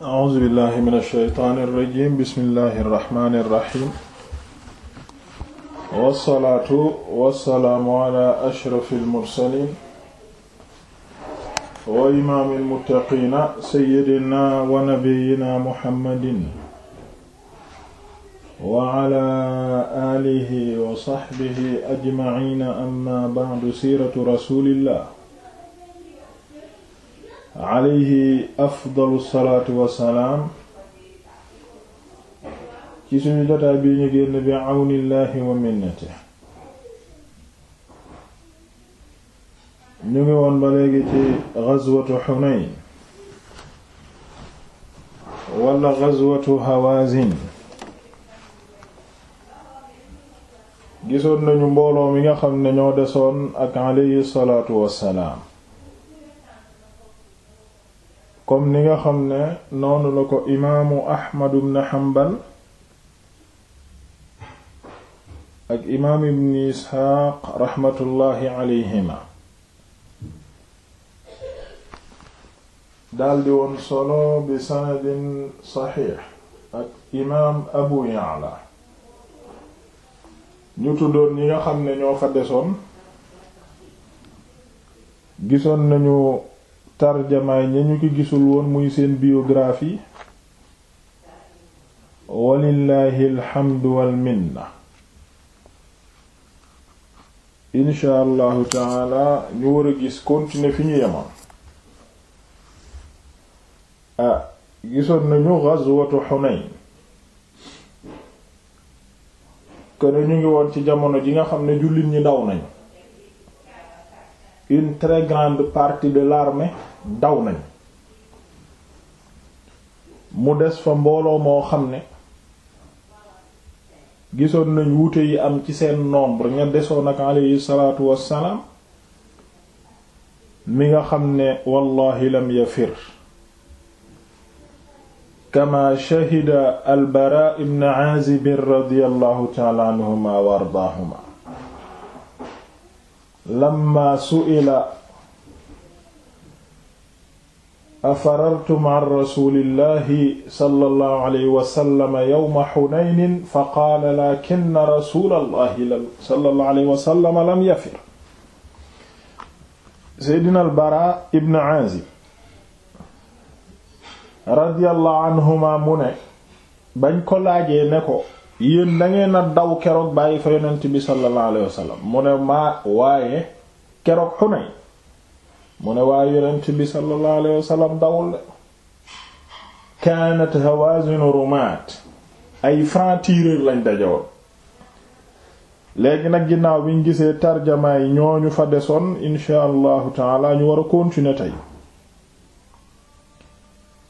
a'uuzu billahi min ash-shaytaani irrajim bismillahi irrahmani irrahim wassalaatu wassalaamu ala ashrafi almursalin wa imaami almuttaqiina sayyidina wa nabiyyina muhammadin wa ala aalihi wa sahbihi ajmaciina amma ba'du siiratu rasuulillah alayhi afdalu salaatu wassalaam ci suñu jotaay bi ñu génn bi àwnillaahi wa minnati ñu ngi woon ba léegi ci gazwatu xunayn wala gazwatu hawazin gisoon nañu mbooloo mi nga xam ne ñoo desoon ak alayhi salaatu wassalaam comme ni nga xam ne noonu la ko imaamu Ahmad ibn Hanbal ak imaam ibn Isxaaq raxmatullaahi alayhima daldi woon solo bi sanadin saxiix ak imaam Abu Ya'la ñu tuddoon ñi nga xam ne ñoo fa desoon gisoon nañu tarjamaay ña ñu ko gisul woon muy seen biographie walillahi alhamdu wal minna insha allahu taala ñu war a gis continuer fi ñu yemoon ah gisoon nañu ghazwatu Hunayn kon ñu ngi woon ci jamono ji nga xam ne jullit ñi daw nañu une très grande partie de l'armée daw nañ mu des fa mbooloo moo xam ne gisoon nañ wuute yi am ci seen nombre ña desoon ak aleyhi salaatu wassalaam mi nga xam ne wallahi lam yafir kama shahida al bara ibn azib radiyallahu ta'ala anhuma wa ardaahuma lamma su'ila afarartum an rasulillahi sallallahu alayhi wa sallam yawma Hunaynin faqaala lakinna rasulallahi sallallahu alayhi wa sallam lam yafir. Seydina al-Baraa ibn Aazib radiyallahu anhuma mu ne bañ ko laajee ne ko. yéen dangeen a daw keroog bàyyi fa yonent bi sallallahu alayhi wasallam mu ne maa waaye keroog xunay mu ne waaye yonent bi sallallahu alayhi wasallam dawul de kaanat hawazin rumaat ay francs-tireurs lañ dajewoon léegi nag ginnaaw biñ gisee tarjamaa yi ñooñu fa desoon insha allahu taala ñu war a continuer tey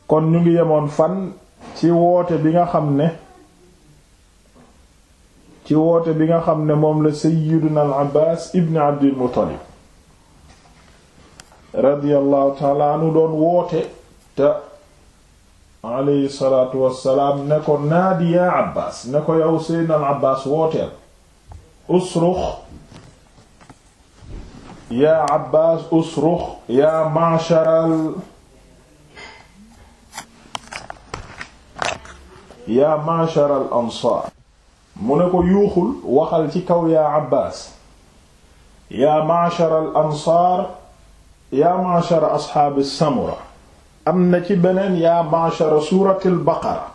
kon ñu ngi yemoon fan ci woote bi nga xam ne ci woote bi nga xam ne moom la sayyiduna abbaas ibn abdil muttalib radiyallahu taala anu doon woote te alayhi salaatu wassalaam ne ko naadi yaa abbaas ne ko yow sayyiduna al abbaas wooteel usrux yaa abbaas usrux yaa ma'sharal yaa ma'sharal ansaar mu ne ko yuuxul waxal ci kaw yaa Abbaas yaa ma'shar al ansaar yaa ma'shar asxaabi samura am na ci beneen yaa ma'shar suuratil baqara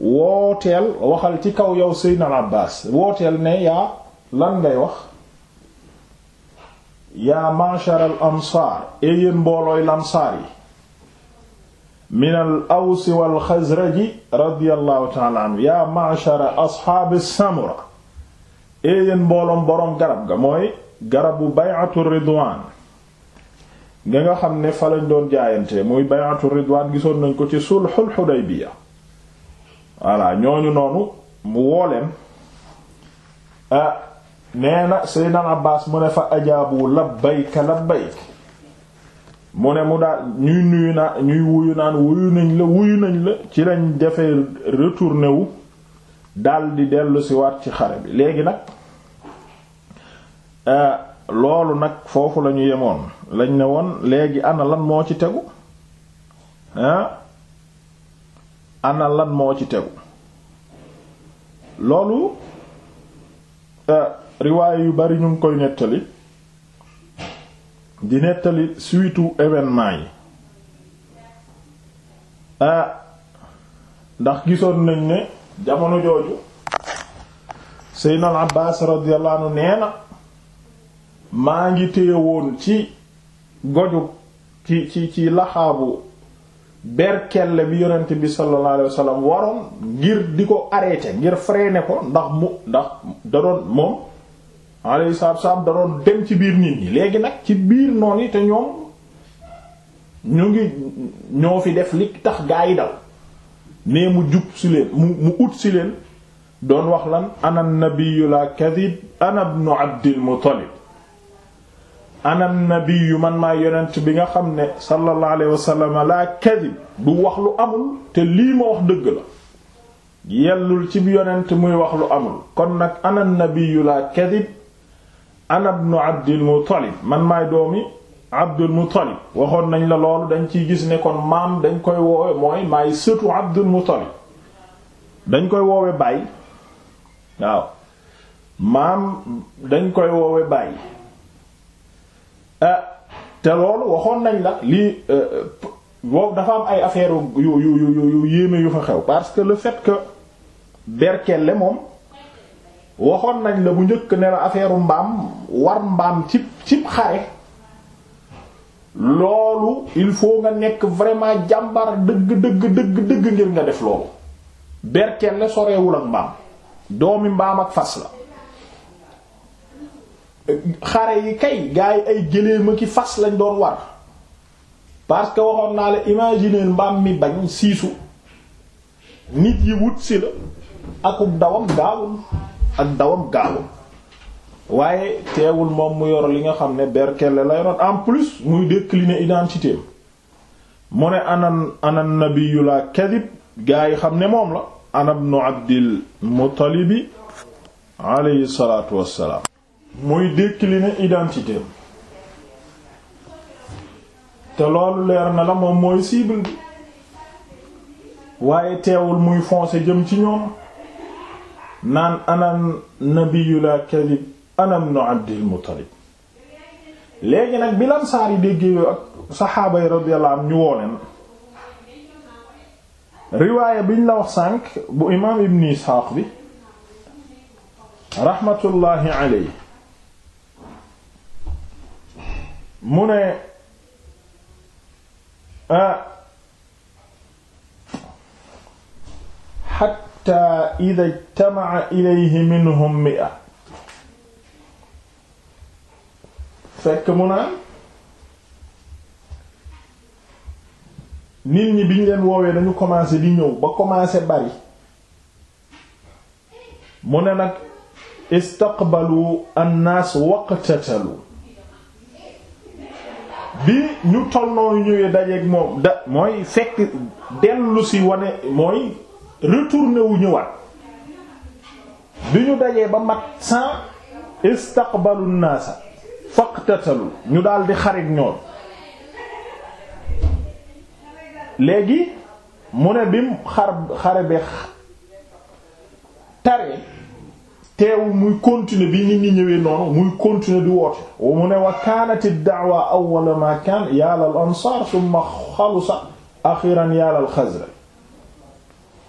wooteel waxal ci kaw yow seydna al Abbaas wooteel ne yaa lan ngay wax yaa ma'shar al ansaar mboolooy lansaar yi min al aws wal xazraji radiyallahu taala anhu yaa ma'shara asxaabi samura éeyéen eh mbooloom boroom garab ga mooy garabu bay'atu ridwaan nga nga xam ne fa lañ doon jaayante muy bay'atu ridwaan gisoon nañ ko ci sulxul xudaybiya voilà ñooñu noonu mu wooleen ah nee na seydina Abbaas mu ne fa ajaabu labbayka labbayk mu ne mu daal ñuy nuyu naa ñuy wuyu naan wuyu nañ la wuyu nañ la ci lañ defee retourné daldi dellu waat ci xare bi léegi nag euh, loolu nag foofu lañu yemoon lañ ne woon léegi ana lan moo ci tegu ah lan moo ci tegu loolu euh, riwaay yu bari ñu ngi koy nettali di nettali suitu événement yi ah ndax gisoon nañ ne jamono jooju seydna al abbas radiyallahu anhu nee na maa ngi téye woon ci goju ci ci ci laxaabu berkelle bi yonent bi sallallahu alayhi wasallam waroon ngir di ko arrêter ngir freiner ko ndax mu ndax da doon moom alayhi salaatu salaam da doon dem ci biir nit ñi léegi nag ci biir noon yi te ñoom ñu ngi ñoo fi def li tax gaa yi dal mais mu jub si leen mu ut si leen doon wax lan ana nabiyyu la kadhib ana ibnu abdil muttalib ana nabiyyu man maa yonent bi nga xam ne sallallahu alayhi wasallam du wax lu amul te lii ma wax dëgg la yellul ci bi yonent muy wax lu amul kon nag ana nabiyyu la kadhib ana ibnu Abdil Muttalib man maay doomi Abdul Muttalib waxoon nañ la loolu dañ ci gis ne kon maam dañ koy woowe mooy maay sëtu Abdul Muttalib dañ koy woowe baay waaw maam dañ koy woowe baay eh, te loolu waxoon nañ la lii eh, boobu dafa am ay affaire yu yu yu yéeme yu fa xew parce que le fait que Berkele moom waxoon nañ la bu njëkk ne la affaire mbaam war mbaam cib cib xare loolu il faut nga nekk vraiment jàmbar dëgg dëgg dëgg ngir nga def loolu berkelle sorewul ak mbaam doomi mbaam ak fas la xare yi kay gaa yi ay gëléema ki fas lañ doon war parce que waxoon naa la imaginer mbaam mi bañ siisu nit yi wut si la akub dawam gaawul ak dawam gaawam waaye teewul moom mu yor li nga xam ne berkelle la yoroon en plus muy décliner identité mu ne anan anan nabiyyu kadib gaa yi xam ne moom la ana ibnu abdil muttalibi alayhi salaatu wassalaam muy décliner identité te loolu leer na la moom mooy cible bi waaye teewul muy foncer jëm ci ñoom naan ana nabiyyu la kadib ana ibnu abdil muttalib léegi nag bi lansaar yi déggee yooyu ak saxaaba yi radiyallahu anhu ñu woo leen riwaaya biñ la wax sànq bu imaam ibn isxaaq bi raxmatullaahi alayhi mu ne ah xatta ida ijtamaca ilayhi minhum mia fekk mu naan nit ñi biñ leen woowee dañu commencé di ñëw ba commencé bari mu ne nag istaqbalu annaas waqtatalu bi ñu toll nooy ñëwee dajeeg moom da mooy fekk dellu si wane mooy retourné wu ñëwaat bi ñu dajee ba mat cent istaqbalu naasa faqtatalu ñu daldi di xarit ñoom léegi mu ne bim xar xare bi tare teewul muy continuer bi nit ñi ñëwee noonu muy continuer di woote mu ne wa kaanat ad-da'wa awwala ma kaan yaalal ansaar summa xalusa axiran yaalal xasraj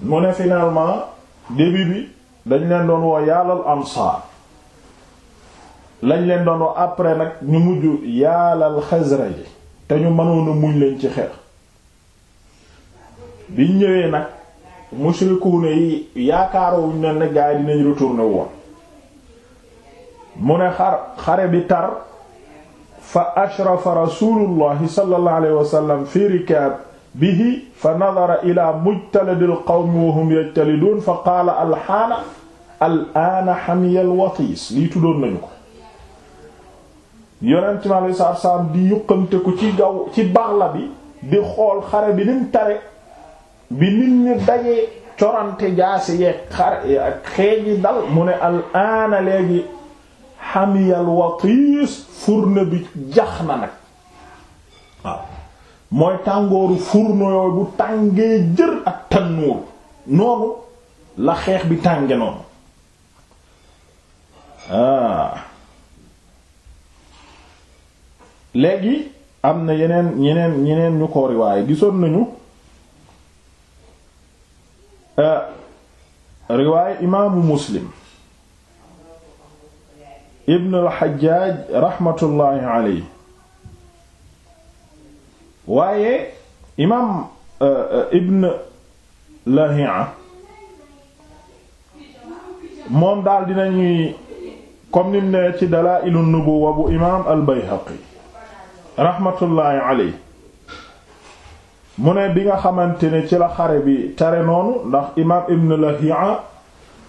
mu ne finalement début bi dañ leen doon woo yaalal ansaar lañ leen doon woo après nag ñu mujj yaalal xasra ji te ñu mënoon a muñ leen ci xeex biñ ñëwee nag mushrikuune yi yaakaaroowuñ ne ne gaa yi dinañ retourner woon mu ne xar xare bi tar fa ashrafa rasulullahi sallallahu alayhi wa sallam fi rikaab bihi fa nadara ila mujtaladil qawmi wa hum yajtaliduun fa qaala alxaana alaana xamiyal watiis lii tuddoon nañu ko yonent mi alayhi salaatu di yuqante ko ci gaw bi di xool xare bi nim tare bi nit ñi dajee corante jaasi yeeg xeeji dal mu ne alaana léegi xamiyal watiis furna bi jax na nag mooy tàngooru fourneau yooyu bu tàngee jër ak tannuur noonu la xeex bi tànge noonu ah léegi am na yeneen ñeneen ñeneen ñu ko riwaaye gisoon nañu eh, riwaaye imaamu muslim ibn al-Hajjaj rahmatullahi alayhi waaye imaam euh, euh, ibn Lahi'a moom daal dinañuy comme nim ne ci Dalaa'ilu Nubuwwa bu imaam al-Bayhaqi rahmatullahi alayhi mu ne bi nga xamante ne ci la xare bi tare noonu ndax imaam ibn Lahi'a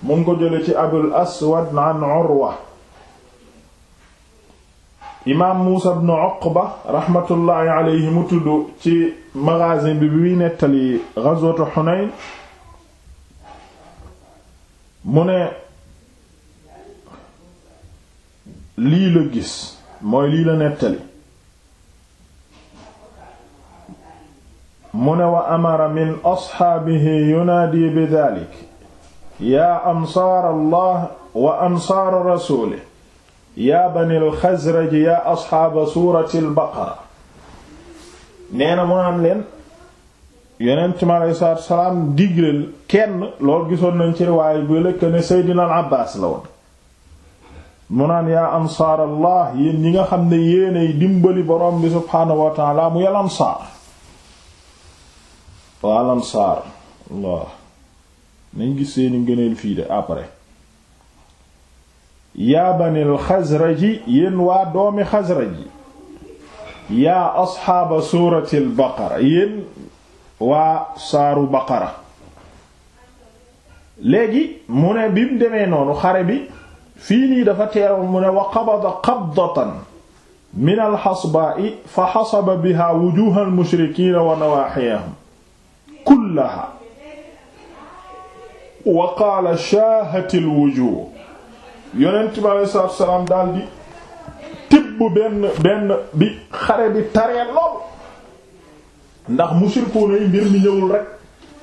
mu ngi ko jële ci Abul Aswad an Urwa imaam Muusa ibn Uqba rahmatullahi alayhi mu tudd ci magasin bi bi nettali ghazwatu Hunayn mu ne lii la gis mooy lii la nettali mu ne wa amara min asxaabihi yunaadi bi daalik yaa ansaar allah wa ansaar rasuulihi yaa banil xasraj yaa asxaaba suuratil baqara nee na mu naan leen yonent mi aleyhi salaatu wa salaam digleel kenn lool gisoon nañ ci riwaaya bu lekk ne Seydina al Abbaas la woon mu naan yaa ansaar allah yéen ñi nga xam ne yéenay dimbali borom bi subhaanahu wa mu yal ansaar waa al ansaar nañ gis seeni ngëneel fii de après yaa banil xasraji yéen waa doomi xasraji yaa asxaaba suuratil baqara yéen waa saaru baqara léegi mu ne bi mu demee noonu xare bi fii nii dafa teeroon mu ne wa qabada qabdatan min alxasbaa'i fa xasaba biha wujuha almushrikiina wa nawaaxiyahum kullaha wa qaala shaahatil wujuh yonent bi aleyhi salaatu salaam daal tibb benn benn bi xare bi taree lool ndax mushrikuuna yi mbir mi ñëwul rek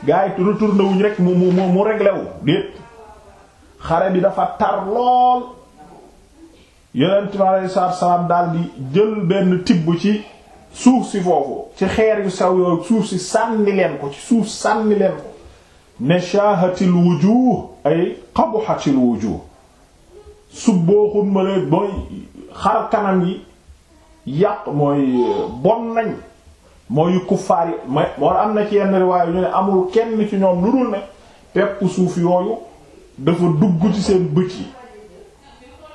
gaa yi retourné wuñ rek mu mu mu réglé wu déet xare bi dafa tar lool yonent bi aleyhi salaatu salaam daal di jël benn tibb ci suuf si foofu ci xeer yu saw suuf si sànni ko ci suuf sànni leen ko ne shaahatil wujuh ay qabuhatil wujuh subboo xutma mooy xar kanam yi yàq mooy euh, bon nañ mooy kuffaar yi mooy moo am na ci yenn riwaay ñu ne amul kenn ci ñoom lu dul ne pepp suuf yooyu dafa dugg ci seen bët yi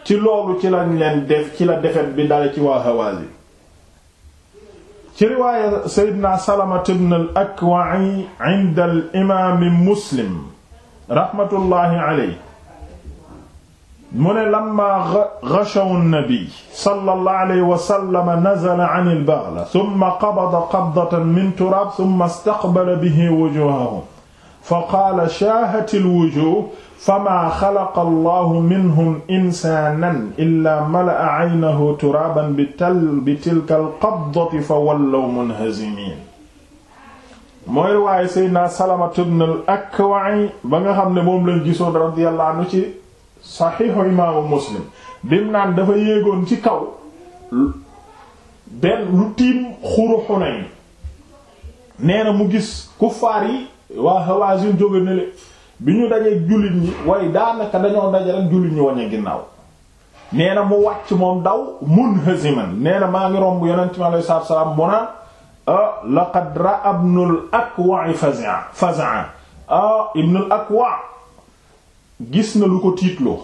ci loolu ci lañ leen def ci la defet bi dale ci waa Hawazin ci riwaaya Seydina Salama ibn al-Akwa'i inda al Muslim rahmatullahi alayhi mu ne lamma gashawu nabi sallallahu alayhi wa sallam nazala an al-baghla thumma qabada qabdatan min turaab thumma istaqbala bihi wujuuhahum fa qaala shaahat al-wujuuh famaa xalaqa allahu minhum insaanan illaa mala'a aynahu turaaban bitilka al-qabdati fa wallaw munhazimiin mooy waaye Seydina Salamatu bnu al-Akwa' ba nga xam ne moom lañ gisoon radiyallahu anhu ci saxiixu imaamu muslim bim naan dafa yéegoon ci kaw benn lu tiim xuru Xunayn nee na mu gis kuffaar yi waa Hawaazin jóge nele bi ñu dajee jullit ñi waaye daanaka dañoo daje rek jullit ñi waññe ginnaaw nee na mu wàcc moom daw munhaziman nee na maa ngi romb yonent mi alayhi salaatu salaam mu naan ah laqad ra'a ibnul Akwa' faza'a faza'a ah ibnul Akwa' gis na lu ko tiitloo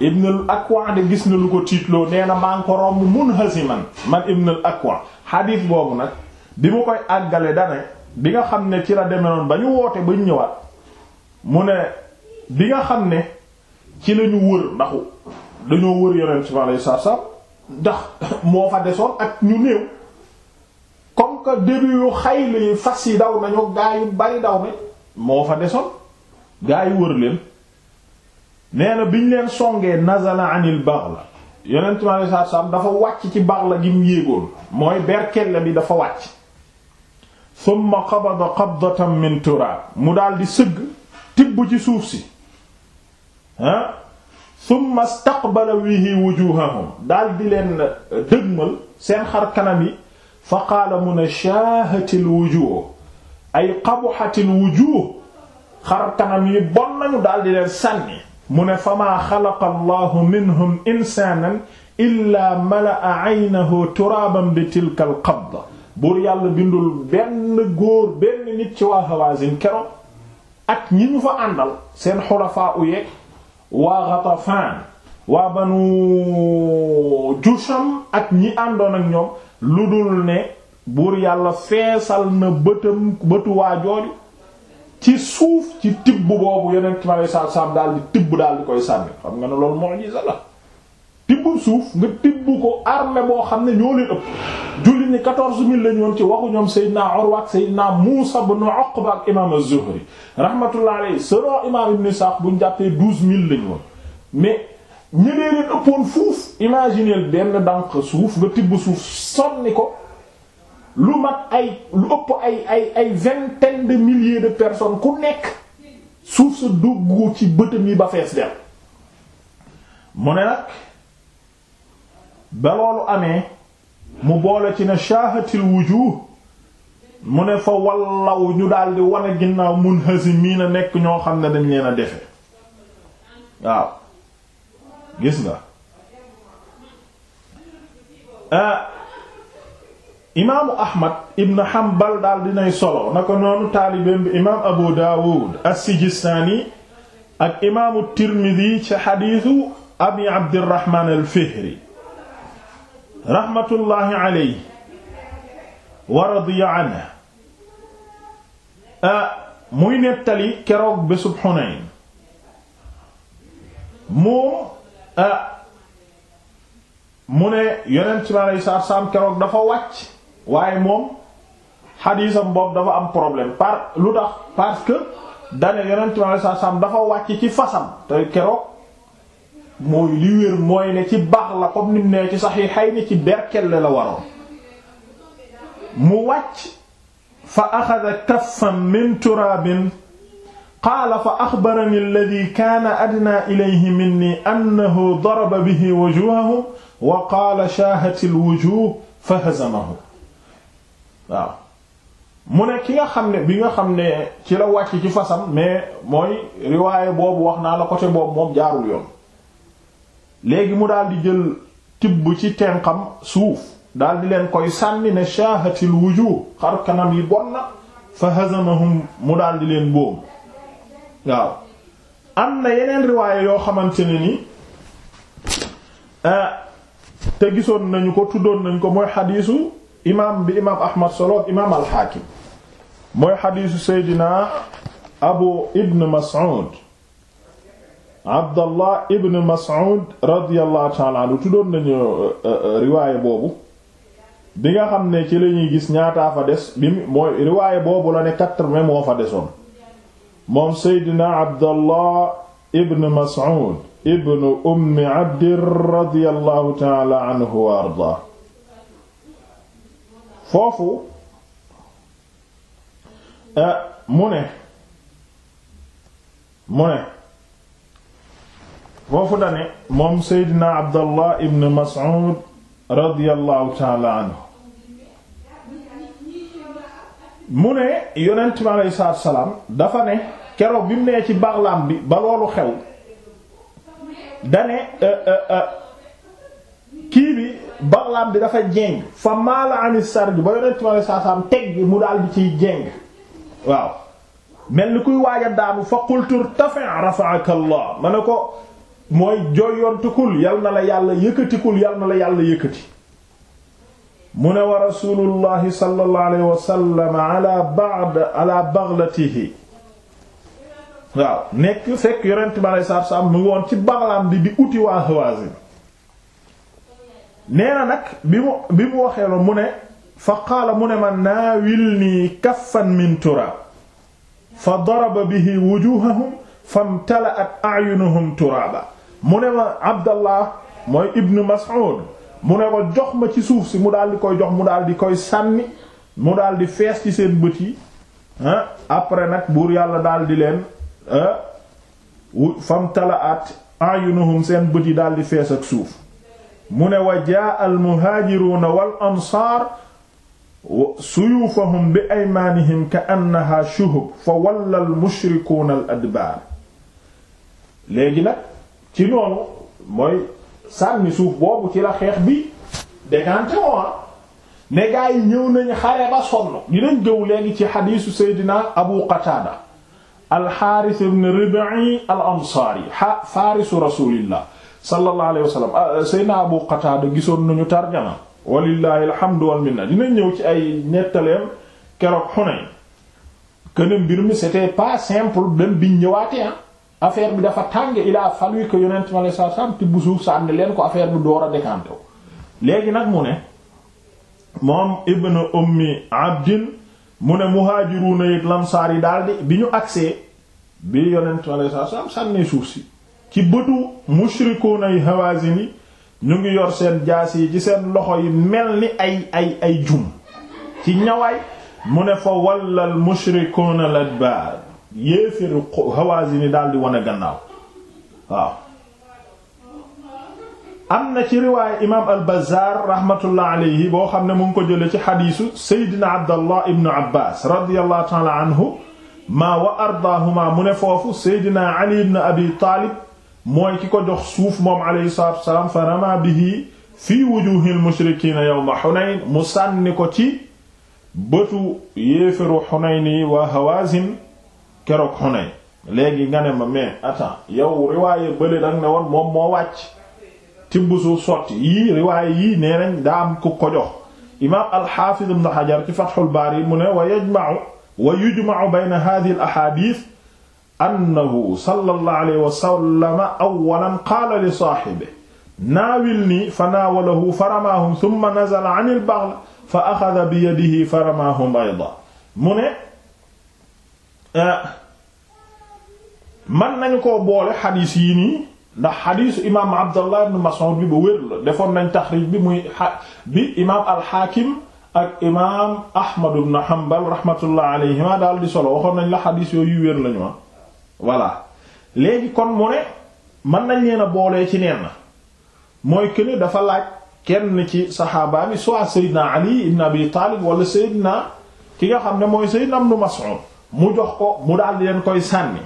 ibn al akwa de gis na lu ko tiitloo nee na maa ngi man romb munhasiman man ibn al akwa xadiis boobu nag bi mu koy àggale dane bi nga xam ne ci la demee noonu ba ñu woote ba ñu ñëwaat mu ne bi nga xam ne ci lañu wër ndaxu dañoo wër yonent bi alayhi salaam ndax moo fa desoon ak ñu néew comme que début yu xayli fas yi daw nañu gaa yu bari daw ne moo fa desoon gaa yi wër leen neena bi ñu leen songee nazala anil baghla dafa wàcc ci baghla gi mu yéegoon mooy berkelle bi dafa wàcc thumma qabada qabdatan min turaab mu dal di sëgg tibb ci suuf si ah thumma istaqbala bihi wujuhahum daal di leen dëgmal seen xar kanam yi fa qaala mu ne shaahatil wujuh ay qabuhatil kanam yi bon nañu daal di leen sànni mu ne famaa xalaqa allahu minhum insaanan illaa mala'a aynahu turaaban bi tilka al qabda buur yàlla bindul benn góor benn nit ci waa Hawaazin keroog ak ñi ñu fa àndal seen xulafaa u yeeg waa Ghatafaan waa banu Jusham ak ñi àndoon ak ñoom lu dul ne buur yàlla feesal na bëtam bëtu waa jooju ci suuf ci tibb boobu yonent ma lay saab daal di tibb daal di koy sànni xam nga ne loolu mu'jiza la tibb suuf nga tibb ko armée boo xam ne ñoo leen ëpp julli ni quatorze mille lañu woon ci waxu ñoom Seydina Urwa ak Seydina Muusa ibn Uqba ak imaam az-Zuhri rahmatullahi alayhi selon imaam Ibn Sa'd buñ jàppee douze mille lañu mais ñeneen leen ëppoon fuuf imaginer benn dànq suuf nga tibb suuf sonni ko lu mag ay lu ëpp ay ay ay vingtaine de milliers de personnes ku nekk suuf sa dugg ci bëtam yi ba fees del mu ne nag ba loolu amee mu boole ci ne shaahatil wujuh mu ne fa wallaw ñu daldi wane ginnaaw munhazimiina nekk ñoo xam ne dañ leen a defe waaw gis nga ah, imaamu ahmad ibn hanbal daal dinay solo na ko noonu taalibeem bi imaam abu daawud as-sijistaani ak imaamu tirmidi ci xadiisu abi abdirahmaan al-fihri rahmatullahi alayhi wa radiya anhu ah, muy nettali keroog bésub xunayn moom a ah, mu ne yonent bi alayhi salaatu salaam keroog dafa wàcc waaye moom xadiisam boobu dafa am problème par lu tax parce que dane saa saam dafa wàcc ci fasam te keroog mooy li mooy ne ci baax la comme nim ne ci Sahihayni ci berkelle la waroon mu wàcc fa axada kaffan min turaabin qaala fa axbarani alladi kaana adnaa ilayhi minni annahu daraba bihi wujuuhahum wa qaala shaahati alwujuuh fa hazamahu waaw mu ne ki nga xam ne bi nga xam ne ci la wàcc ci fasam mais mooy riwaaye boobu wax naa la côté boobu moom jaarul yoon léegi mu daal di jël tibb ci tenqam suuf daal di leen koy sànni ne shaahatil wujuh xar kanam yi bon na fa hazamahum mu daal di leen boobu waaw am na yeneen riwaaye yoo xamante ne ni ah, te gisoon nañu ko tuddoon nañu ko mooy xadiisu imaam bi imaam ahmad solo imaam alxaakim mooy xadiisu seydina abu ibn mas'ud abdallah ibn mas'ud radiyallahu ta'ala nañu euh, euh, riwaaye boobu bi nga xam ne ci lañuy gis ñaataa fa des bi mooy riwaaye boobu la ne quatre-vingts fa desoon moom seydina abdallah ibn mas'ud ibn ummi abdir radiyallahu ta'ala anhu wa ardaa foofu euh, mu ne mu ne foofu dane moom seydina abdallah ibn mas'ud radiyallahu ta'ala anhu mu ne yonent bi aleyhi salaatu salaam dafa ne keroog bi mu ci baxlaam bi ba loolu xew dane euh, euh, kii bi barlaam bi dafa jéng fa maala anis sarju ba yonent mi alei saatu salaam teg bi mu daal bi ciy jéng waaw mel ni kuy waaj a daanu fa qultur tafi rafa'aka Allah ma ne ko mooy joyontukul yal na la yàlla yëkkatikul yal na la yàlla yëkkati mu ne wa rasulullahi sallallahu alayhi wa sallam ala ba'd ala baghlatihi waaw nekk fekk yonent mi alei saatu salaam mu ngi woon ci barlaam bi di uti waa Hawazin nee na nag bi mu bi mu waxee la mu ne fa qaala mu ne ma naawil nii kaffan min turaab fa daraba bihi wujuhahum famtala'at a'yunuhum turaaba mu ne ma Abdallah mooy Ibn Mas'ud mu ne ko jox ma ci suuf si mu daal di koy jox mu daal di koy sànni mu daal di fees ci seen bët yi ah, après nag buur yàlla daal di leen ah famtala'at a'yunuhum seen bët yi daal di fees ak suuf. mu ne wa jaa almuhaajiruuna wal ansaar suyuufahum bi aymaanihim ka annahaa shuhub fa walla almushrikuuna al adbaar léegi nag ci noonu mooy sànni suuf boobu ci la xeex bi dégante woon ah. ne gaa yi ñëw nañu xare ba sonn dinañ jëw léegi ci xadiisu seydina abu qataada alxaaris ibn ribii al ansaari faarisu rasuulillah sallallahu alayhi wa sallam ah, euh, Seydina Abu Qatada gisoon nañu tarjama walillahi alhamdu wal minna dina ñëw ci ay nettaleem keroog Hunayn kene mbir mi c'était pas simple dem biñ ñëwaatee ah affaire bi dafa tàng il a fallu que yonent bu suuf sànni leen ko affaire bi door a décanté wu. léegi nag mu ne moom Ibn Ummi Abdin mu ne muhaajiruuna ak lamsaar yi daal di bi ñu agsee bi yonent ma lay saa sant sànni suuf si. ci bëtu mushrikuunay Hawaazin yi seen jaas yi ci seen loxo yi mel ni ay ay ay jum ci ñawaay mu ne fa wallal mushrikuuna ladbaar yéeféru Hawaazin yi daal di wane gannaaw am na ci riwaaya imaam al-Bazzaar rahmatullah alayhi boo xam ne mu ngi ko jële ci xadiisu Seydina Abdallah ibnu Abbaas radiyallahu ta'ala anhu maa wa ardaahuma mu ne foofu Seydina Ali ibnu Abi Taalib mooy ki ko jox suuf moom alayhi salaatu wassalaam fa rama bihi fii wujuhil mushrikiina yawma Hunayn mu sànni ko ci bëtu yéefaru Hunayn yi Hawaazin keroog Hunayn léegi nga ma mais attends yow riwaaye bële danga ne woon moom moo wàcc tibb suuf sotti yii riwaaye yii nee nañ ko jox imaam al-Haafiz ibn Hajar ci Fathul mu ne wa yajma'u wa yujma'u bayna annahu sallallahu alayhi wa sallam awwalan qaala li saahibihi naawilnii fa naawalahu fa ramaahum thumma nazala an al-baghl fa axada bi yadihi fa ramaahum aydan mu ne eh, man nañu koo boole xadiis yi nii ndax xadiisu imaam Abdallah ibn Mas'ud bi ba wér la defoon nañ taxriij bi muy bi imaam al-Hakim ak imaam Ahmad ibn Hanbal rahmatullah alayhima daal di solo waxoon nañ la xadiis yooyu wér lañu ah. voilà léegi kon mu ne mën nañ leen a boolee ci neen na mooy këne dafa laaj kenn ci saxaabaa mi soit Seydina Ali ibn Abi Taalib wala Seydina ki nga xam ne mooy Seydina Ibn Mas'ud mu jox ko mu daal leen koy sànni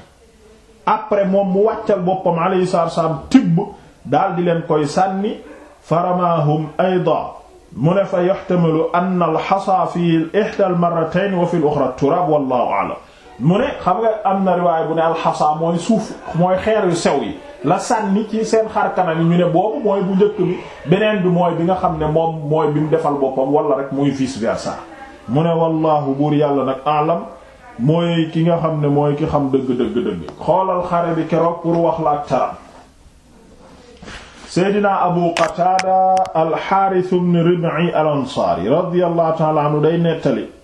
après moom mu wàccal boppam alayhi salaatu wassalaam tibb daal di leen koy sànni faramaahum ayda mu ne fa yaxtamilu anna al-xasa fi ihdaa al-marratayn wa fi al-uxraa turaab mu ne xam nga am na riwaay bu ne alxasa mooy suuf mooy xeer yu sew yi la sànni ci seen xar kanam yi ñu ne boobu mooy bu njëkk bi beneen bi mooy bi nga xam ne moom mooy bi mu defal boppam wala rek muy vice versa mu ne wallaahu buur yàlla nag alam mooy ki nga xam ne mooy ki xam dëgg dëgg dëgg xoolal xare bi keroog pour wax la ak taram seydina abu qataada alxaaris ibn rib'i al ansaari radiyallahu ta'ala anhu day nettali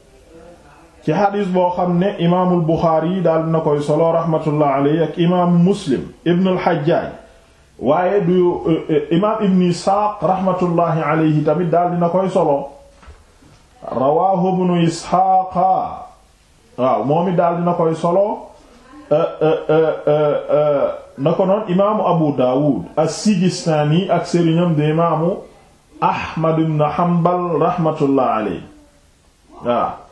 ci xadis boo xam ne imaamul Buxaari yi daal na koy solo rahmatullah alayhi ak imaam Muslim ibn al waaye du eh, imaam ibn Isxaaq rahmatullahi tamit daal dina koy solo rawaahu ibnu Isxaaqa waaw moom it daal dina koy solo eh, eh, na ko noon imaamu Abu Daawud as-Sijistaani ak sëriñam de imaamu Ahmad ibn Hanbal rahmatullah alayhi waaw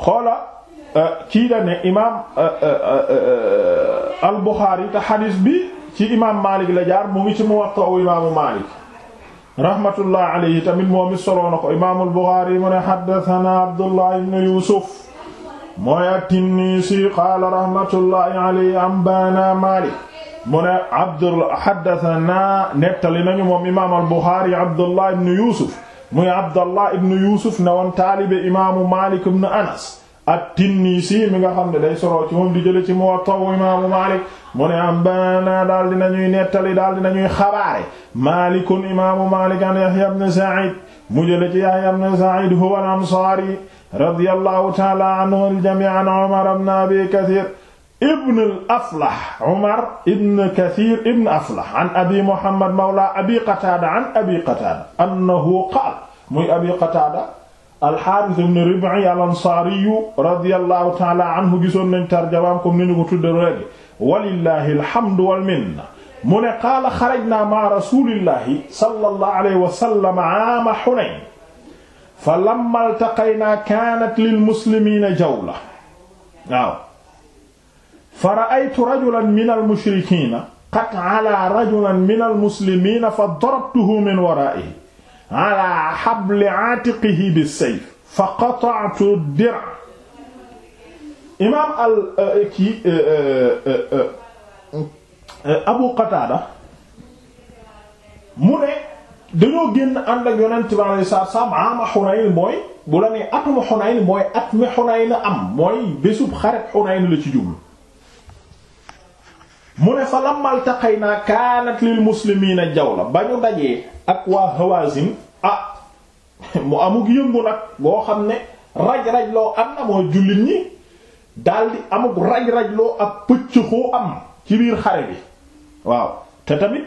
xoola euh, kii da ne imaam euh, euh, al-Bukhari te xadiis bi ci imaam Maalik la jaar mu ngi ci Muwatta imaamu Maalik rahmatullah alayhi tamit moom it soloo na ko imaam al-Bukhari mu ne haddathana Abdullah ibn Yusuf mooy at-Tinnisi qaala rahmatullahi alayhi anbana Maalik mu ne Abdullah haddathana nettali nañu moom imaam al-Bukhari Abdullah ibn Yusuf muy abdallah ibnu yuusuf ne woon taalibe imaamu malik ibnu anas at-Tinnisi mi nga xam ne day soroo ci moom di jële ci Muwatta imaamu Maalik mu ne am bana daal dinañuy nettali daal dinañuy xabaare Maalikun imaamu Maalik an Yahya ibn Sa'id mu jële ci Yahya ibn Sa'id huwa al-Ansaari radiyallahu ta'ala anhu al-jamii' an Umar ibn Abi Kathir ibn al-Aflah Umar ibn Kathir ibn Aflah an abi Muhammad mawla abi Qatada an abi Qatada annahu qaala muy abi Qatada al-Harith ibn Rib'i al-Ansari radiyallahu ta'ala anhu gisoon nañ tarjamaam comme ni ñu ko tudde léegi walillahi alhamdu wal minna mu ne qaala xarajnaa ma'a rasulillahi sallallahu alayhi wa sallam 'aama Hunayn falamma iltaqaynaa kaanat lilmuslimiina jawla waaw fa ra'aytu rajulan min al-mushrikiina qad ala rajulan min al-muslimiina fa darabtuhu min waraa'ihi ala habli aatiqihi bis-sayf fa qata'tu dir'a imaam al uh, uh, kii uh, Abu Qataada mu ne dañoo génn ànd ak yonent bi alayhi salaatu salaam ama Hunayn mooy bu la nee atuma Hunayn mooy at mi Hunayn am mooy bésub xareb Hunayn la ci jublu. mu ne fa lammal taqaynaa kaanat lil muslimiina jawla ba ñu dajee ak waa Hawazin ah mu amuk yëngu nag boo xam ne raj-raj loo am na mooy jullit ñi daldi amuk raj-raj loo ak pëcc am ci biir xare bi waaw te tamit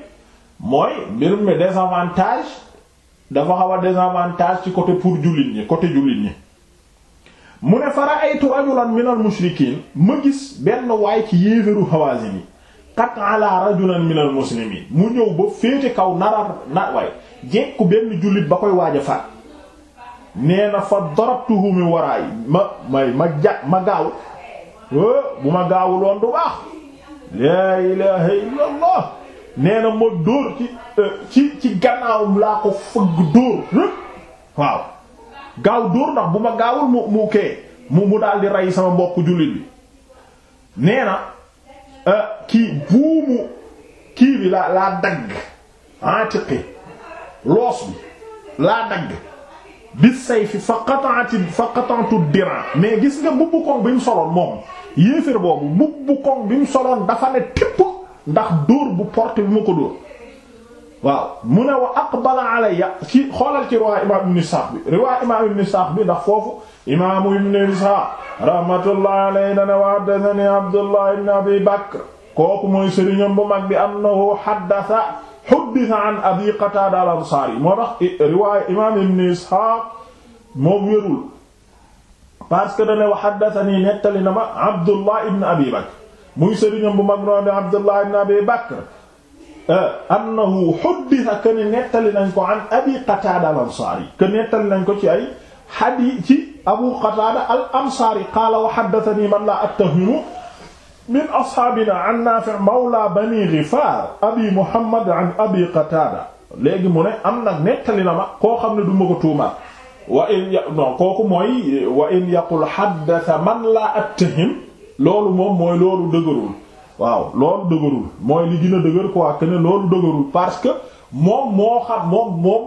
mooy mbir mi désavantage dafa xaw a désavantage ci côté pour jullit ñi côté jullit ñi mu ne fa rajulan minal mushrikiin ma gis benn waay ci yéefaru Hawazin kat ala rajulan minal muslimin mu ñëw ba féete kaw narar na waay jekku benn jullit ba koy waaj a faat nee na fa darabtuhu mi waraay ma may ma ja ma gaaw bu ma gaawuloon du baax laa ilaha illa nee na ma dóor ci euh, ci gannaawum laa ko fëgg dóor waaw gaaw dóor ndax bu ma gaawul mu mu kee mu mu daal rey sama mbokk jullit bi nee na Euh, kii buumu kii bi laa laa dagg atiqi loos bi laa dagg bi say fi fa qata'at fa mais gis nga mbubb koŋ bi mu soloon moom yéeféer boobu mbubb koŋ bi mu soloon dafa ne tipp ndax dóor bu porte bi ma ko dóor waaw mu ne wa aqbala alayya ci xoolal ci riwaay imaam ibn Sa'd bi riwaay imaam ibn Sa'd bi ndax foofu imaamu ibn Sa'd rahmatullahi alayhi dana wa haddathani Abdullah ibn Abi Bakr kooku mooy sëriñam bu mag bi annahu haddatha hudditha an Abi Qatada al-Ansari moo tax riwaay imaam ibn Sa'd moo wérul parce que dana wa haddathani nettali na ma Abdullah ibn Abi Bakr muy sëriñam bu mag noonu Abdullah ibn Abi Bakr Euh, annahu huddisa kene nettali nañ ko an abi qataada al ansaari ke nettali nañ ko ci ay hadi ci abu qataada al ansaari qaala wa haddathanii man laa attahimu min ashaabinaa an naafi' mawlaa banii gifaar abi muhammad an abi qataada léegi mu ne am nag nettali na ma koo xam ne du ma ko tuumaat wa in non kooku mooy wa in yaqul haddatha man laa attahim loolu moom mooy loolu dëgërul waaw loolu dëgërul mooy li gën a dëgër quoi que ne loolu dëgërul parce que moom moo xam moom moom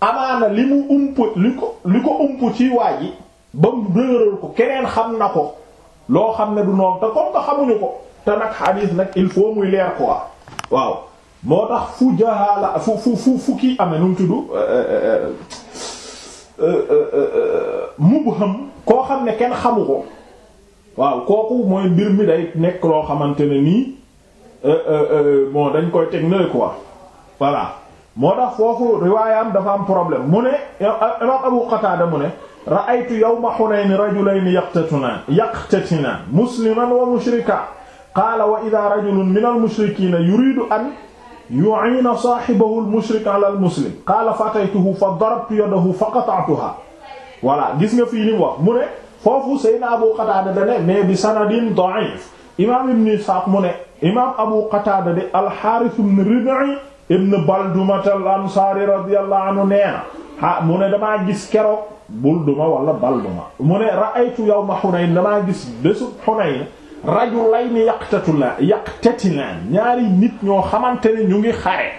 amaana li mu ump li ko li ko ump ci waa ji ba mu dëgëral ko keneen xam na ko loo xam ne du noonu te comme que xamuñu ko te nag xadiis nag il faut muy leer quoi waaw moo tax fu jaxaala fu fu fu fu kii amee nu mu tudd euh, euh, euh, mubham koo xam ne kenn xamu ko waaw kooku mooy mbir mi day nekk loo xamante ne nii euh, euh, euh, bon dañ koy teg ne quoi voilà moo tax foofu riwaayam dafa am problème mu ne imam Abu Qatada mu ne ra'aytu yawma Hunayn rajulayni yaqtatunaan yaqtatinaan musliman wa mushrika qaala wa idha rajulun min al-mushrikiina yuridu an yu'ina saahibahu al-mushrik 'ala al-muslim qaala fa ataytuhu fa darabtu yadahu fa qata'tuha voilà gis nga fii ni wax mu ne foofu Seydina Abu Qatada da ne mais bi sanadin da'if imaam Ibn Ishaq mu ne imaam Abu Qatada de al-Harith ibn Rib'i ibn Baldumat al-Ansari radiyallahu anhu nee na ah mu ne damaa gis keroog Bulduma wala Balduma mu ne ra'aytu yawma Hunayn damaa gis bésu Hunayn rajulayni yaqtatula yaqtatilaan ñaari nit ñoo xamante ne ñu ngi xare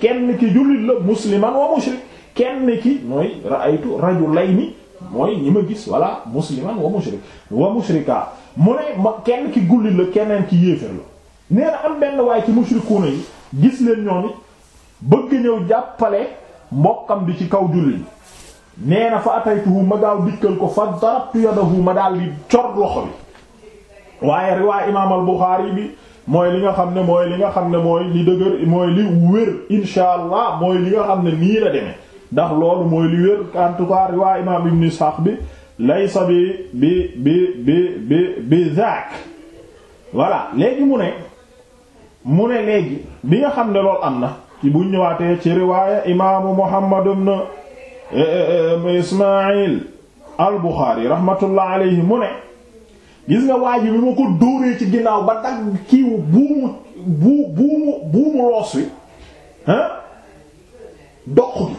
kenn ki jullit la musliman wa mushrik kenn ki mooy ra'aytu rajulayni mooy ñi ma gis voilà musliman wa mushrik wa mushrika mu ne ma kenn ki gulli la keneen ki yéefér la nee am benn waaye ci mushrikuuna yi gis leen ñoom it bëgg ñëw jàppale mbokkam bi ci kaw julli nee na fa ataytuhu ma gaaw dikkal ko fa darabtu yadahu ma daal di cor loxo bi waaye riwaay imaam al bi mooy li nga xam ne mooy li nga xam ne mooy li dëgër mooy li wér insha allah mooy li nga xam ne nii la demee ndax loolu mooy li wér en tout cas riwaa imaam ibn Ishaq bi laysa bi bi bi bi bi bi zaak voilà léegi mu ne mu ne léegi bi nga xam ne loolu am na ci bu ñëwaatee ci riwaaya imaamu Muhammad ibn eh, eh, eh, Ismaayil al-Buxaari rahmatullah alayhi mu ne gis nga waa ji bi ma ko dóoree ci ginnaaw ba dagg kiiwu buumu buumu buumu loos wi ah doq gi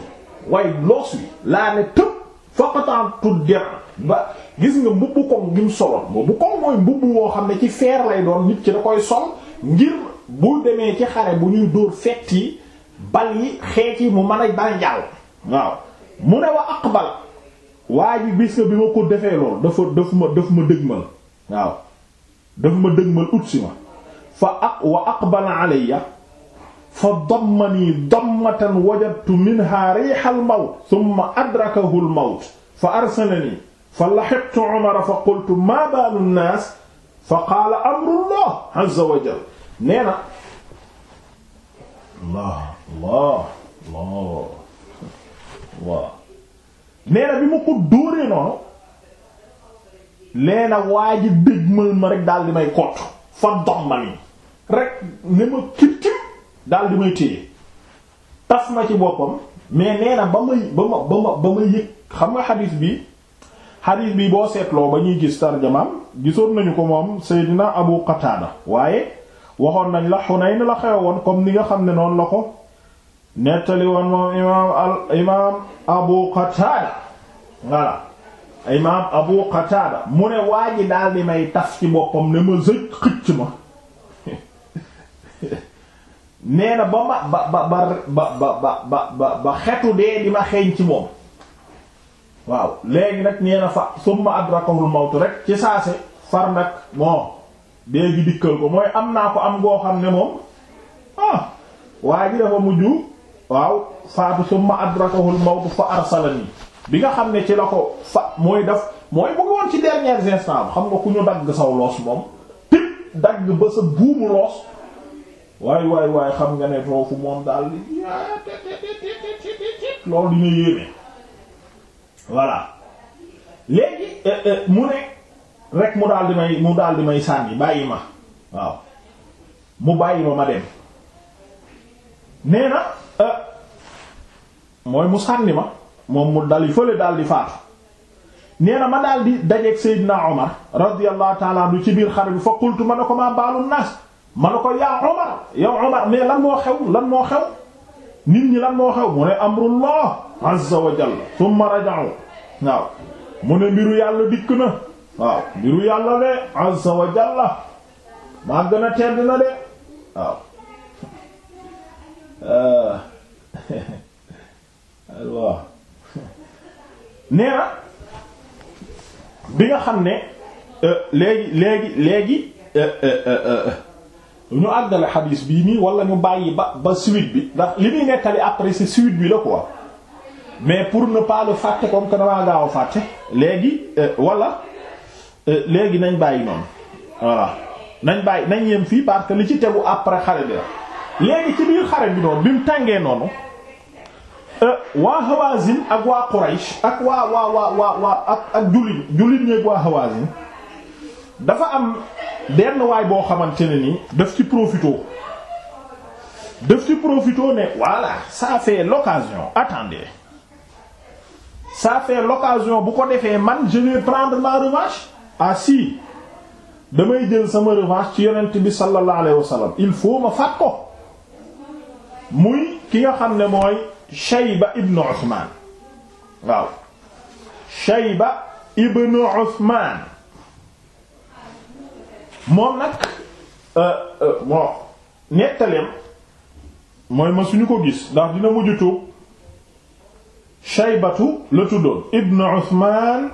way loos wi laa ne tëb faqata'tu dir ba gis nga mbubbu koŋ gi mu soloon mbubbu koŋ mooy mbubbu woo xam ne ci feer lay doon nit ci da koy sol ngir bu demee ci xare bu ñuy dóor fett yi bal yi xeec yi mu mën a bana jàll waaw mu ne wa aqbal waa ji bis nga bi ma ko defee lool dafa daf ma daf ma dëgmal waaw daf ma dëgmal ut ma fa aq wa aqbala alayya fa dammanii dammatan wajadtu minha riixa almawt thumma adrakahu almawt fa arsalanii fa laxiqtu Umar fa qultu maa baalu nnaas fa qaala amrullah azza wa jalla nee na Allah Allah Allah Allah nee na bi ma ko dóoree noonu nee na waa ji dégmal ma rek daal di may kott fa dammanii rek ne ma kirtim daal di may téye taf ma ci boppam mais nee na ba may ba ma ba ma ba ma yëg xam nga xadis bi xadis bi boo seetloo ba ñuy gis tarjamaam gisoon nañu ko moom Seydina Abu Qatada waaye waxoon nañ la Hunayn la xewoon comme ni nga xam ne noonu la ko nettali woon moom imaam al imaam Abu Qatada voilà imaam Abu Qatada mu ne waa ji daal di may taf ci boppam ne ma zëj xëcc ma. nee na ba ma ba ba ba ba ba ba ba xetu dee di ma xeeñ ci moom waaw léegi nag nee na fa summa adrakahul mawtu rek ci saase far nag moom dee gi dikkal ko mooy am naa ko am goo xam ne moom waaye ah, waa ji dafa mujj waaw faatu summa adrakahul mawtu fa yi bi nga xam ne ci la ko fa mooy def mooy bu woon ci derniers instants xam nga ku ñu dagg saw loos moom tip dagg ba sa buumu loos waay waay waay xam nga ne foofu moom daal di loolu dina yéeme voilà léegi eh, eh, mu ne rek mu daal di may mu daal di may sànni bàyyi ma waaw mu bàyyi ma ma dem nee na eh, mooy mu sànni ma moom mu dali fële daal di faatu nee na ma daal di dajeeg Seydina Omar radiyallahu ta'ala anhu ci biir xare bi fa qultu ma ne ko maa baalul naas ma ne ko yaa Omar yow Omar mais lan moo xew lan moo xew nit ñi lan moo xew mu ne amrullah azza wa jalla thumma raja'u waaw mu ne mbiru yàlla dikk na waaw mbiru yàlla de azza wa jalla maa gën a tedd na de waaw waaw nee na bi nga xam ne euh, léegi léegi léegi euh, euh, ñu àggale xadiis bii nii wala ñu bàyyi ba ba suite bi ndax li muy nettali après c'est suite bi la quoi mais pour ne pas le fàtte comme que damaa gaaw a fàtte léegi wala euh, euh, léegi nañ bàyyi noonu voilà nañ bàyyi nañ yem fii parce que li ci tegu après xare bi la léegi ci biir xare bi noonu bi mu tàngee noonu euh, waa Hawazin ak waa Quraysh ak waa waa waa waa waa ak ak jullit jullit ñeeg waa Hawazin dafa am benn waay boo xamante ne ni daf ci profitoo daf ci profitoo ne voilà ça fait l'occasion attendez ça bu ko defee man je vais prendre ma revanche ah si damay jël sama revanche ci yonent bi sallallahu alayhi wa il faut ma faat ko muy ki nga xam ne mooy Shayba ibn Uthman waaw Shayba ibn Uthman moom nag euh, euh, bon nettaleem mooy ma suñu ko gis ndax dina mujj tuub shaybatu la tuddoon ibn uthman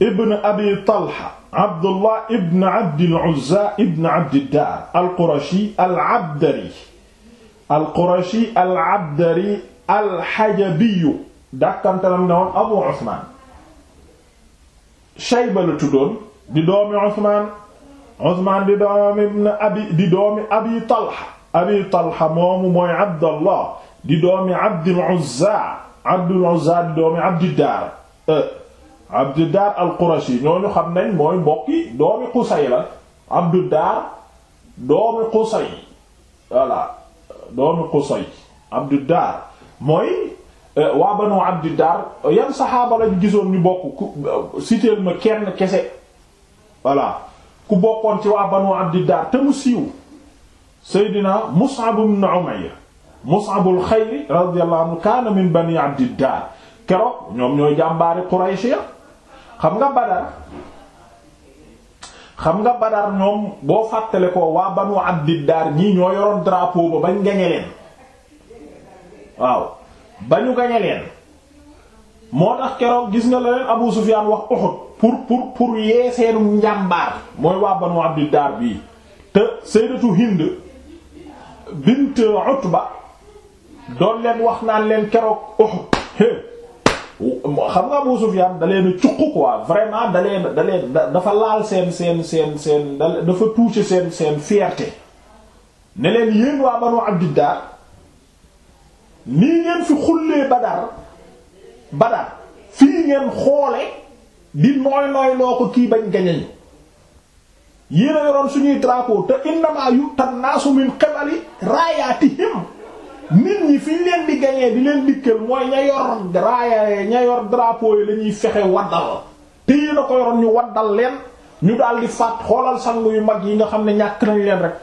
ibn abi talha abdullah ibn abdil uzza ibn abdiddar alqurashi alabdari alqurashi alabdari alxajabiyu dàkkantalam ne woon abu uthman shayba la tuddoon di doomi uthman Usmaan di doomi ibn abi di doomi abi Talha abi Talha moomu mooy Abdallah di doomi Abdul Uzza Abdul Uzza di doomi Abdiddaar eh, Abdiddaar al-Qurashi ñooñu xam nañ mooy mbokki doomi Qusay la Abdiddaar doomi Qusay voilà doomi Qusay Abdiddaar mooy eh, waa Banu Abdiddaar yan saxaaba lañ gisoon ñu bokk ku eh, citeel ma kenn kese voilà ku bokkoon ci waa banu abdiddar te mu siiw seydina mus'ab ibn umayr mus'abul xayri radiyallahu kaana min bani abdiddar keroog ñoom ñooy jàmbaari quraysh ya xam nga badar xam nga badar ñoom boo fàttale ko waa banu abdiddar ñii ñoo yoroon drapeau ba bañ gañe leen waaw bañu gañe leen moo tax keroog gis nga la leen Abu Sufyaan wax Uhud pour pour pour yee seenu njàmbaar mooy waa Banu Abdi Daar bii te Sayyidatu Hind bint Utba doon leen wax naan leen keroog Uhud xam nga Abu Sufyaan da leen cuq quoi vraiment da leen da leen dafa laal seen seen seen seen dafa touché seen seen fierté ne leen yéen waa Banu Abdi nii ngeen fi xullee Badar Badar fii ngeen xoole di nooy nooy loo ko kii bañ gañe ñu yéen yoroon suñuy drapeau te innamaa yu'tan naasu min qibali raayaatihim nit ñi fi ñu leen di gañee di leen dikkal mooy ñayor yor raaya ña yi la fexe waddal te yéen a ko yoroon ñu waddal leen ñu daal di faat xoolal sangu yu mag yi nga xam ne ñàkk nañ leen rek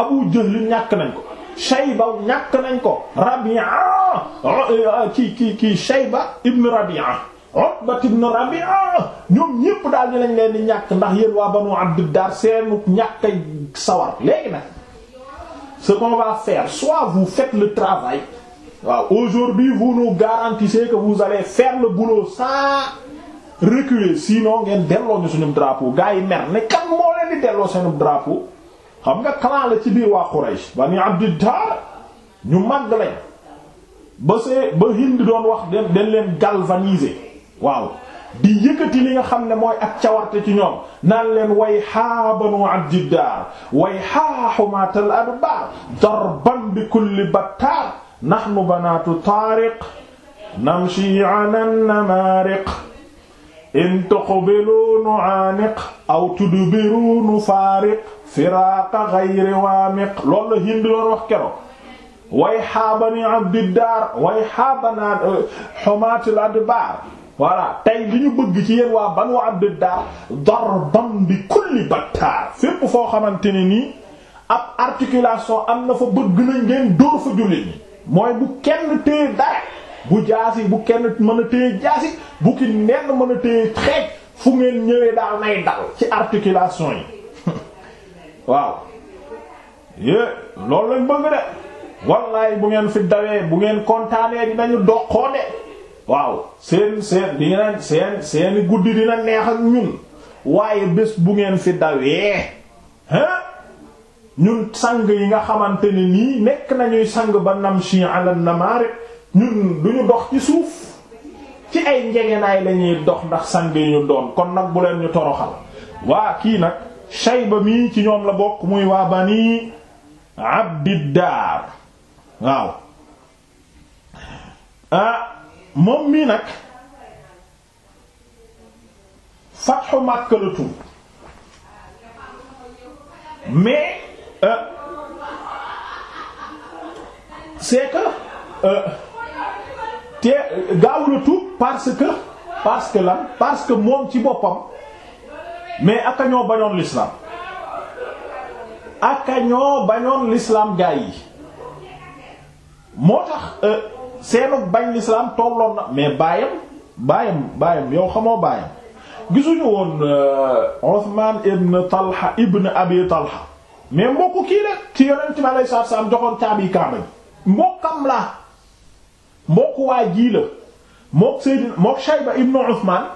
Abu Jahl ñàkk nañ Shayba ñàkk nañ ko Rabi'a kii kii kii Shayba ibn Rabi'a Utba ibn Rabi'a ñoom ñépp daal di leen di ñàkk ndax yéen waa Banu Abd Dar seenu ñàkkay sawar léegi nag ce qu'on va faire soit vous faites le travail waaw aujourd'hui vous nous garantissez que vous allez faire le boulot sans reculer sinon ngeen delloo ñu suñu drapeau gars yi mer ne kan moo leen di delloo seen drapeau xam nga clan la ci biir waa Quraysh bani Abdiddar ñu màgg lañ ba see ba Hind doon wax den den leen galvaniser waaw di yëkkati li nga xam ne mooy ak cawarte ci ñoom naan leen way xaa banu Abdiddar way xaa xumaatal adbar darban bi kulli battaar nahnu banaatu Taariq namshi anan namaariq in tuqbilu nu'aaniq aw tudbiru nufaariq firaaqa xayri waamiq loolu la Hind doon wax kero way xaabani abdidaar way xaabanaa xomaatil euh, adbaar voilà tey li ñu bëgg ci yéen waa banu abdidaar darban bi kulli battaar fépp foo xamante ne nii ab articulation am na fa bëgg na ngeen dóor fa jullit ñi mooy bu kenn téye dara bu jaasi bu kenn mën a téye jaasi bu ki nenn mën a téye xeej fu ngeen ñëwee daal nay dal ci articulation yi waaw yé loolu lañ bëgg de wallaay bu ngeen fi dawee bu ngeen kontaanee dinañu dox xoole waaw seen seen dina seen seeni guddi dina neex ak ñun waaye bés bu ngeen fi dawee hein ñun sang yi nga xamante ni nii nekk nañuy sang ba namshi ala namar ñun duñu dox ci suuf ci ay njegenaay lañuy dox ndax sang yi ñu doon kon nag bu leen ñu toroxal waa kii nag ba mii ci ñoom la bokk muy waa bani Abdiddaar waaw ah moom mii nag fatxu Makka la tuub mais euh, c'est euh, te gaaw la tuub parce que parce que lan parce que moom ci boppam mais aka ñoo bañoon l'islam aka ñoo bañoon l'islam gaa yi moo tax euh, seenug bañ l'islam tolloon na mais baayam baayam baayam yow xamoo baayam gisuñu woon euh, Othman ibn Talha ibn Abi Talha mais mbokku kii la ci yonent bi alayhi salaatu salaam joxoon caabi Kaaba mbokkam la mbokku waa jii la Seydina mook Shayba ibn Othman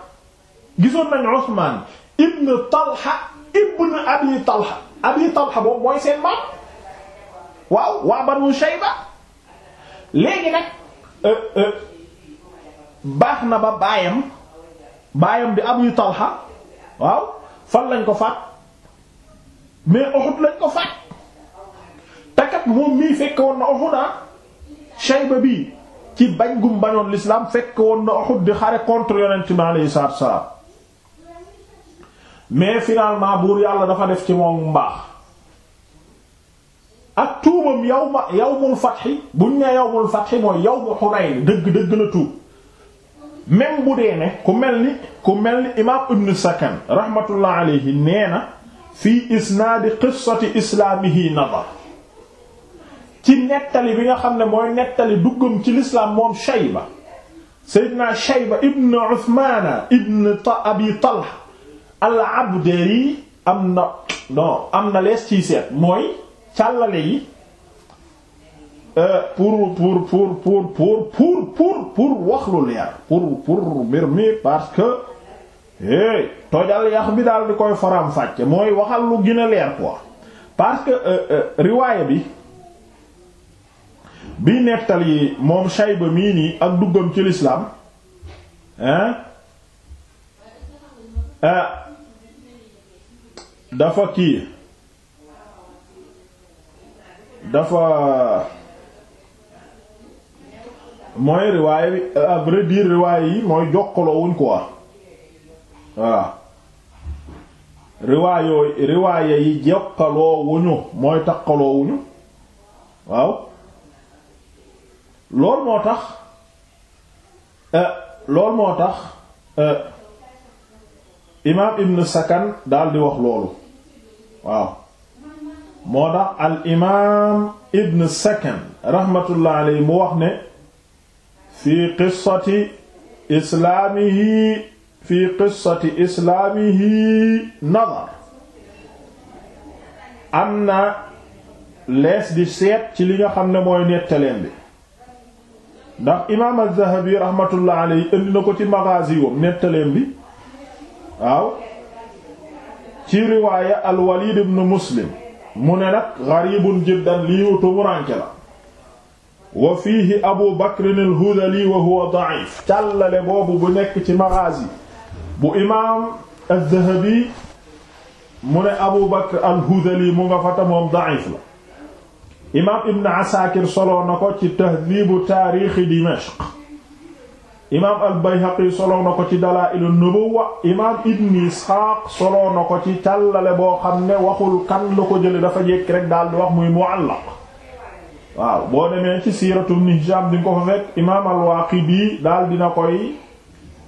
gisoon nañ Othman ibn Talha ibn Abi Talha Abi Talha boobu mooy seen maam waaw waa Banu Shayba léegi nag euh, euh, baax na ba baayam baayam bi Abi Talha waaw fan lañ ko faat mais Uhud lañ ko faat takat moom mii fekke na Uhud ah. Shayba ci bañ gum bañoon l'islam fekke woon na Uhud di xare contre yonent mi alayhi salaatu salaam mais finalement buur yàlla dafa def ci moom mbaax ak tuubam yawma yawmul fatxi buñ ne yawmul fatxi mooy yawmu Hunayn dëgg dëgg la tuub même bu dee ne ku mel ni ku mel ni imaam Ibn Sakan rahmatullah alayhi nee na fii isnaadi qissati islaamihi nadar ci nettali bi nga xam ne mooy nettali duggam ci lislaam moom Shayba Seydina Shayba ibn Uthman ibn Abi Talha al abdari am na non am na lees ciy seet mooy càllale yi euh, pour pour pour pour pour pour pour pour wax lu leer pour pour mbir mi parce que hey tojal yax bi daal di koy faram fàcce mooy waxal lu gën a leer quoi parce que euh, euh, riwaaya bi bi nettal yi moom Shayba mii nii ak duggam ci lislaam hein Ah, dafa kii dafa mooy riwaay bi euh, à riwaay yi mooy jokkaloo wuñ quoi voilà riwaay yooyu yi jokkaloo wuñu mooy takkaloo wuñu waaw loolu moo tax euh, loolu moo tax. Euh, imaam ibn sakan daal di wax loolu waaw moo tax al imaam ibn sakan rahmatullah alayhi mu wax ne fi qissati islaamihi fi qissati islaamihi nadar am na lees di seet ci li nga xam ne mooy nettaleen bi ndax imaam az-zahabi rahmatullah indi na ko ci maghazi wam nettaleen bi waaw ci riwaaya al-Walid ibn Muslim mu ne nag gharibun jiddan lii wu wa fiihi Abu Bakr al-Hudhali wa huwa da'if càllale boobu bu nekk ci Maghazi bu imaam az-Zahabi mu ne Abu Bakr al-Hudhali mu fata moom da'if la solo na ko ci Tahdhibu Taarikh Dimashq imaam al-Bayhaqi ko ci Dalaa'il an-Nubuwwa imaam Ibn Isxaaq soloo na ko ci tallale boo xam ne waxul kan la ko jële dafa jekk rek daal di wax muy mu'allaq waaw boo demee ci siiratu Ibn di nga ko fa fekk imaam al-Waaqidi daal dina koy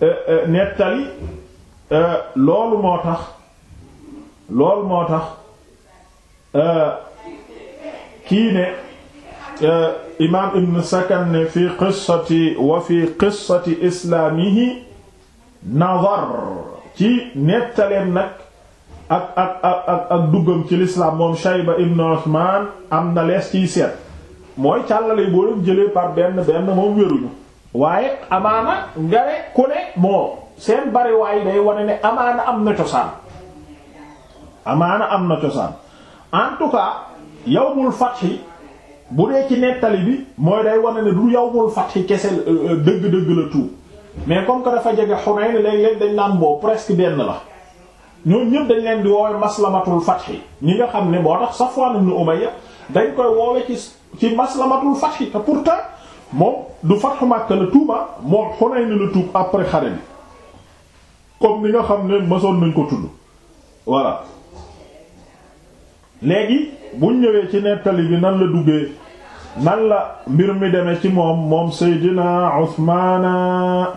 eh, eh, nettali eh, loolu moo tax loolu moo tax kii Euh, imaam ibn sakan ne fi qissati wa fi qissati islaamihi nazar ci nettaleem nag ak ak ak ak ak duggam ci lislaam moom shayba ibn usman am na lees ciy seet mooy càllale boo leen jëlee par benn benn moom wéruñu waaye amaana nga ne moo seen bariwaay day wane ne amaana am na cosaan amaana am na cosaan bu dee ci nettali bi mooy day wane ne du yawmul fathi kese euh, euh, dëgg-dëgg la tuub mais comme que dafa jege Hunayn léeg-léeg dañ naan boobu presque benn la ñoom ñëpp dañ leen di woowe maslamatul fathi ñi nga xam ne boo tax Safwan ibn Umayya dañ koy woowe ci ci maslamatul fathi te pourtant moom du fathu Makka la tuuba ah, moom Hunayn la tuub après xare bi comme ni nga xam ne mësoon nañ ko tudd voilà léegi bu ñëwee ci nettali bi nan la duggee nan la mbir mi demee ci moom moom Seydina Usmaana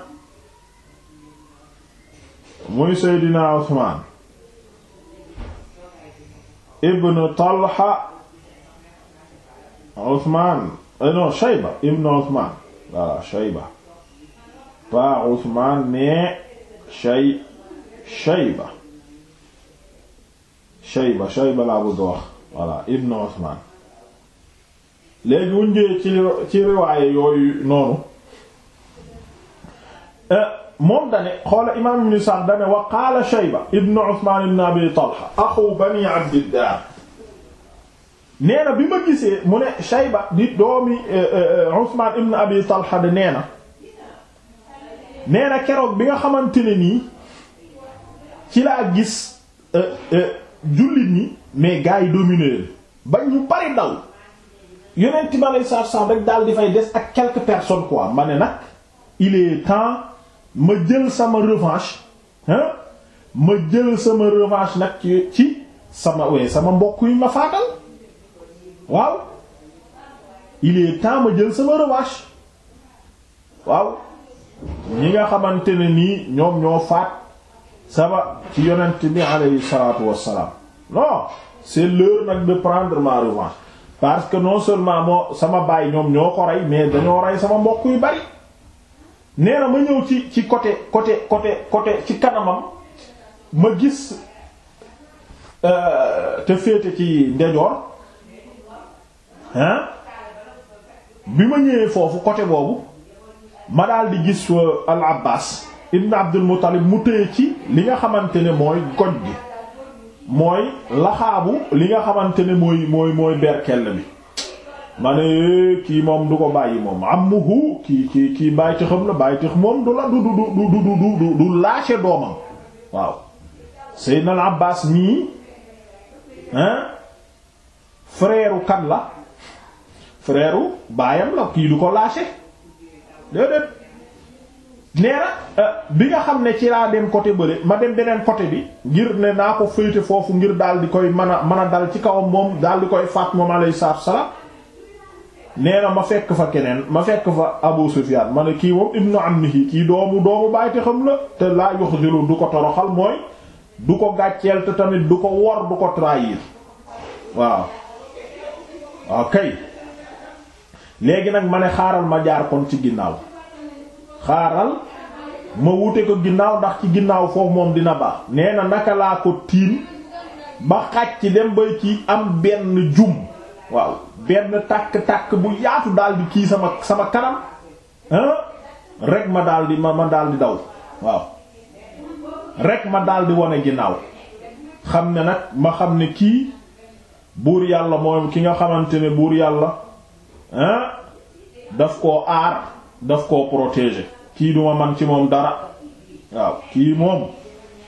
muy Seydina Usmaan ibn Talha Usmaan eh non Shayba ibn Usmaan voilà Shayba pas Usmaan mais Shay Shayba Shayba Shayba laa bëgg a wax voilà ibnu Usman léegi wuñ jëyee ci ci riwaaye yooyu noonu eh, moom dane xoola imam ibn Sa'd dane wa qaala Shayba ibnu Usman ibn Abi Talha axu bani Abdiddar nee na bi ma gisee mu ne Shayba di doomi eh, eh, Usman ibn Abi Talha de nee na nee na keroog bi nga xamante ne nii ci laa gis jullit ñi mais gars yi dominé leen ba ñu bari daw yeneen time alay saab rek daal di fay des ak quelques personnes quoi ma ne nag il est temps ma jël sama revanche hein ma jël sama revanche nag ci sama we sama mbokk yi ma faatal waaw il est temps ma jël sama revanche waaw ñi nga xamante ne nii ñoom ñoo faat sama ci yonent bi alayhi salaatu wassalaam non c'est l'heure nag de prendre ma parce que non seulement moo sama baay ñoom ñoo ko rey mais dañoo rey sama mbokk yu bari nee na ma ñëw ci ci côté côté côté côté ci kanamam ma gis euh, te féete ci ndejoor hein bi ma ñëwee foofu côté boobu ma daal di gis euh, al Abbas ibn abdul muttalib mu téye ci li nga xamante ne mooy goj gi mooy laxaabu li nga xamante ne mooy mooy mooy berkell bi ma eh, kii moom du ko bàyyi moom ammuhu kii kii kii bàyyi tëxam la bàyyi tëx moom du la du du du du du doomam waaw Seydina Abbaas mii hein kan la frère baayam la kii du ko lâché déedéet nee na euh, bi nga xam ne ci laa dem côté bële ma dem beneen côté bi ngir ne naa ko féete foofu ngir daal di koy mën a mën a dal ci kawam moom daal di koy faat moom alayhi salaatu salaam nee na ma fekk fa keneen ma fekk fa Abu Sufyan ma ne kii moom ibnu ammihi kii doomu doomu bàyyi xam la te laa yuxzilu du ko toroxal mooy du ko gàcceel tamit du ko wor du ko trahir waaw waaw kay léegi nag ma ne xaaral ma jaar kon ci ginnaaw. xaaral ma wute ko ginnaaw ndax ci ginnaaw foofu moom dina baax nee na naka laa ko tiim ba xàcc dem ba ci am benn jum waaw benn tàkk-tàkk bu yaatu daal di kii sama sama kanam hein ma daal di ma ma daal di daw waaw rek ma daal di wane ginnaaw xam ne nag ma xam ne kii buur yàlla mooy ki nga xamante ne buur yàlla daf koo aar daf koo protéger kii duma man ci moom dara waaw kii moom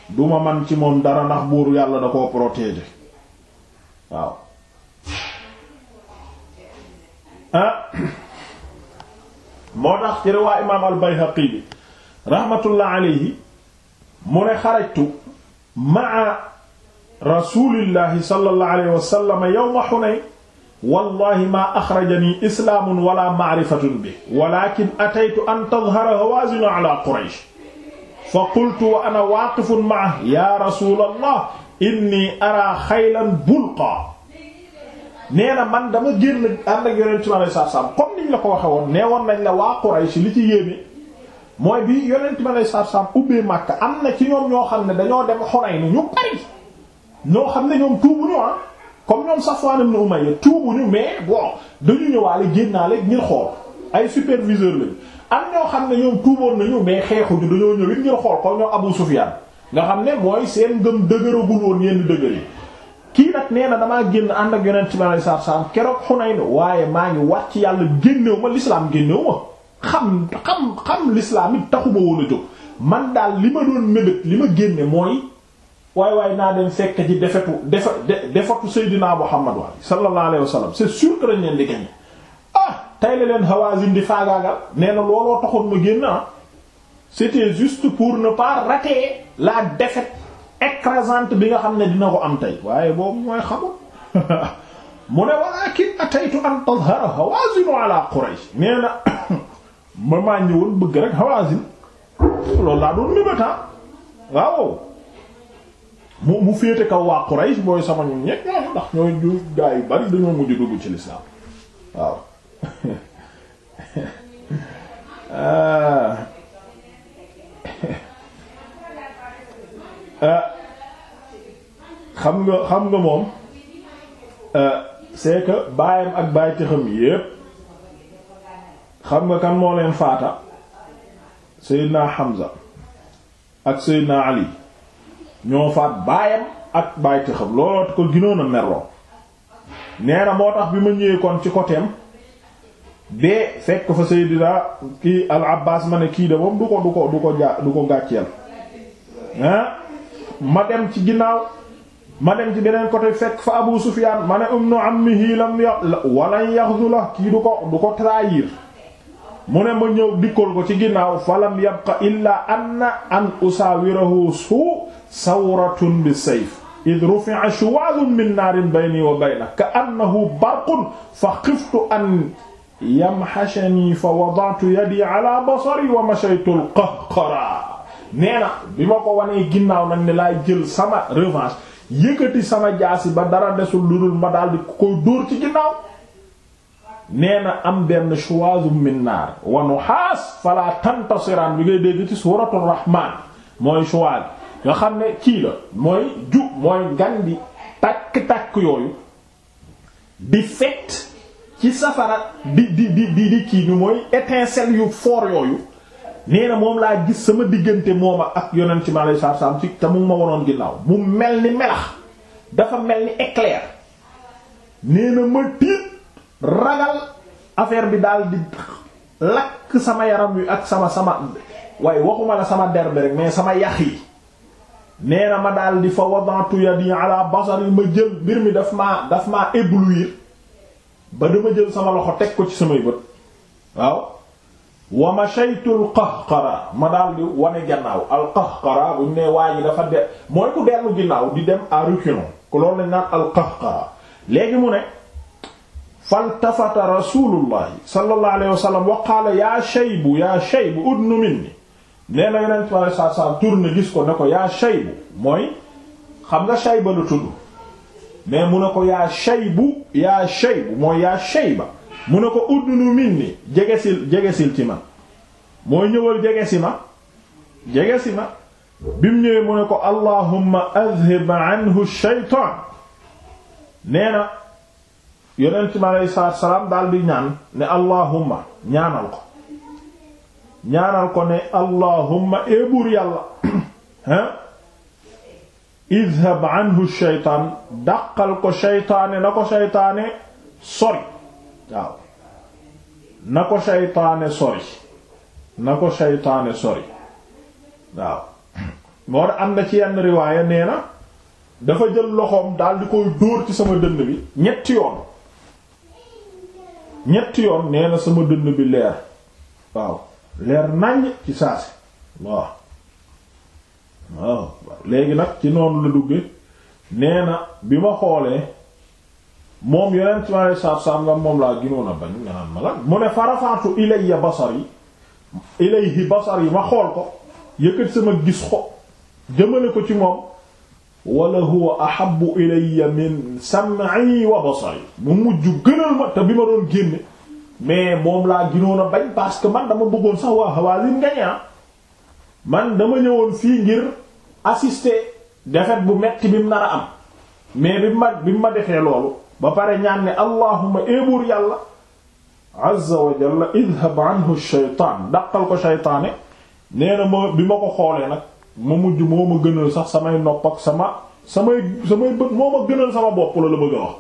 duma man ci moom dara ndax buur yàlla da koo protéger waaw ah moo tax ci riwaa imaam al-Bayhaqi bi alayhi mu ne xarajtu ma'a rasulillahi sallallahu alayhi wa sallam yawma Hunayn wallahi maa axrajani islaamun wala maarifatun bi walakin ataytu an tadhara hawaazinu ala quraysh fa qultu wa ana waaqifun maa ya rasul allah inni araa xaylan bulqaa nee na man dama génn ànd ak yonent bi alayhi salaatu salaam comme ko waxe woon nee woon nañ la waa Quraysh li ci yéeme mooy bi yonent bi alayhi Makka am na ci ñoom ñoo xam ne dañoo dem Hunayn ñu bari ñoo xam ne ñoom tuubu ñu ah comme ñoom Safwan ibn Umayya tuubuñu mais bon dañu ñëwaale génnaale ngir xool ay superviseur lañu am ñoo xam ne ñoom tuuboon nañu mais xeexuñu dañoo ñëw it ngir xool ko ñoom Abu Sufyan nga xam ne mooy seen ngëm dëgëragul woon yenn dëgër yi kii nag nee na damaa génn ànd ak yonent bi alayhi salaatu salaam keroog Hunayn waaye maa ngi wax ci yàlla génnew ma l'islam génnew ma xam xam xam l'islam taxu taxuma woon a jóg man daal li ma doon mébét li ma génne mooy waaye waaye naa dem fekk ji defetu defe defetu Seydina Muhammad wa sallallahu alayhi wa sallam c'est sûr que dañ leen di gañ ah tey leen Hawazin di faagaagal nee na looloo taxoon ma génn ah c'était juste pour ne pas rater la défaite écrasante bi nga xam ne dina ko am tey waaye boobu mooy xamul mu ne walakin ataytu an tadhara Hawazin ala Quraysh nee na ma maa ñëwoon bëgg rek Hawazin loolu laa doon nëbata waaw. mu mu féete kaw waa Quraysh booy sama ñun ñëpp ñooñu ndax ñooy ñu bari dañoo mujj dugg ci lislaam waaw ah. Ah. xam nga xam nga moom ah, c'est que baayam ak baay tëxam yépp xam nga kan moo leen faata Seydina Hamza ak Seydina Ali ñoo faat baayam ak baay tëxam looloo ko ginoon a merloo nee na moo tax bi ma ñëwee kon ci côtéem bee fekk fa Seydina kii al Abbaas ma ne kii de moom du ko du ko du ma dem ci ginnaaw ma dem ci beneen côté fekk fa Abu Sufyaan ma ne ibnu ammihi lam walan yaxzula kii du ko du ko trahir mu ne ma ñëw dikkal ko ci ginnaaw falam yabqa illa anna an usaawirahu suu sawratun bi sayf id rufi'a shuwaalun min naarin bayni wa baynak ka annahu barqun fa xiftu an yamhashani fa wada'tu yadi ala basari wa mashaytu al-qahqara nee na bi ma ko wanee ginnaaw nag ne laay jël sama revanche yëkkati sama jaasi ba dara desul lu dul ma daal di koy dóor ci ginnaaw nee na am benn shuwaazun min naar wa nuhaas fala tantasiraan bi ngay dégg ci suuratul rahmaan mooy shuwaaz nga xam ne kii la mooy ju mooy ngan bi takk-takk yooyu di fet ci safara di di di di di kii bi mooy étincelle yu fort yooyu nee na moom laa gis sama diggante moom ak yonent mi ma salaatu salaam ci te mu ma wanoon ginnaaw mu mel ni melax dafa mel ni éclair nee na ma tiit ragal affaire bi daal di lakk sama yaram wi ak sama sama waaye waxuma la sama der rek mais sama yax yi nee na ma daal di fa wadantu yadi ala ma jël mbir mi daf maa daf maa éblouir ba dama jël sama loxo teg ko ci samay bët waaw wa mashaytu al qahqara ma daal di wane gannaaw al qahqara ne waa ji dafa de mooy ku dellu ginnaaw di dem à reculons ku loolu lañ naan al qahqara léegi mu ne faltafata rasulullahi sallallahu alayhi wa sallam wa qaala yaa shaybu yaa shaybu udnu minni nee na yonent bi alayhi salaatu salaam tourne gis ko ne ko yaa Shaybu mooy xam nga Shayba la tudd mais mu ne ko yaa Shaybu yaa Shaybu mooy yaa Shayba mu ne ko uddunu minni jegesil jegesil ci ma mooy ñëwal jegesi ma jegesi ma bi ñëwee mu ne ko allahumma adhib anhu shaytaan nee na yonent bi alayhi salaatu salaam daal di ñaan ne allahumma ñaanal ko ñaanal ko ne allahumma eebuur eh yàlla ah idhab anhu shaytaan dàqal ko shaytaane na ko shaytaane sori waaw na ko shaytaane sori na ko shaytaane sori waaw moo tax am na ci yenn riwaaya nee na dafa jël loxoom daal di koy dóor ci sama dënn bi ñetti yoon ñetti yoon nee na sama dënn bi leer waaw leer naññ ci saasi waaw waaw léegi nag ci noonu la dugge nee na bi ma xoolee moom yeneen ci ma saab nga moom laa ginoon a bañ nga naan ma mu ne farafaatu ilayya basar yi ilayhi basar ma xool ko yëkkat sama gis xo jëmale ko ci moom wala huwa ahabbu ilayya min sam'i wa basari mu mujj gënal ma te bi ma doon génne mais moom laa ginoon a bañ parce que man dama bëggoon sax waa Hawazin gañe ah. man dama ñëwoon fii ngir assister défaite bu metti bi mu nar a am mais bi ma bi ma defee loolu ba pare ñaan ne allahuma eebuur eh, yàlla azza wa jalla idhab anhu shaytaan daqal ko shaytaane nee na ma bi ma ko xoolee nag ma mujj moo ma gënal sax samay nopp ak sama samay samay bët moo ma gënal sama bopp la la bëgg a wax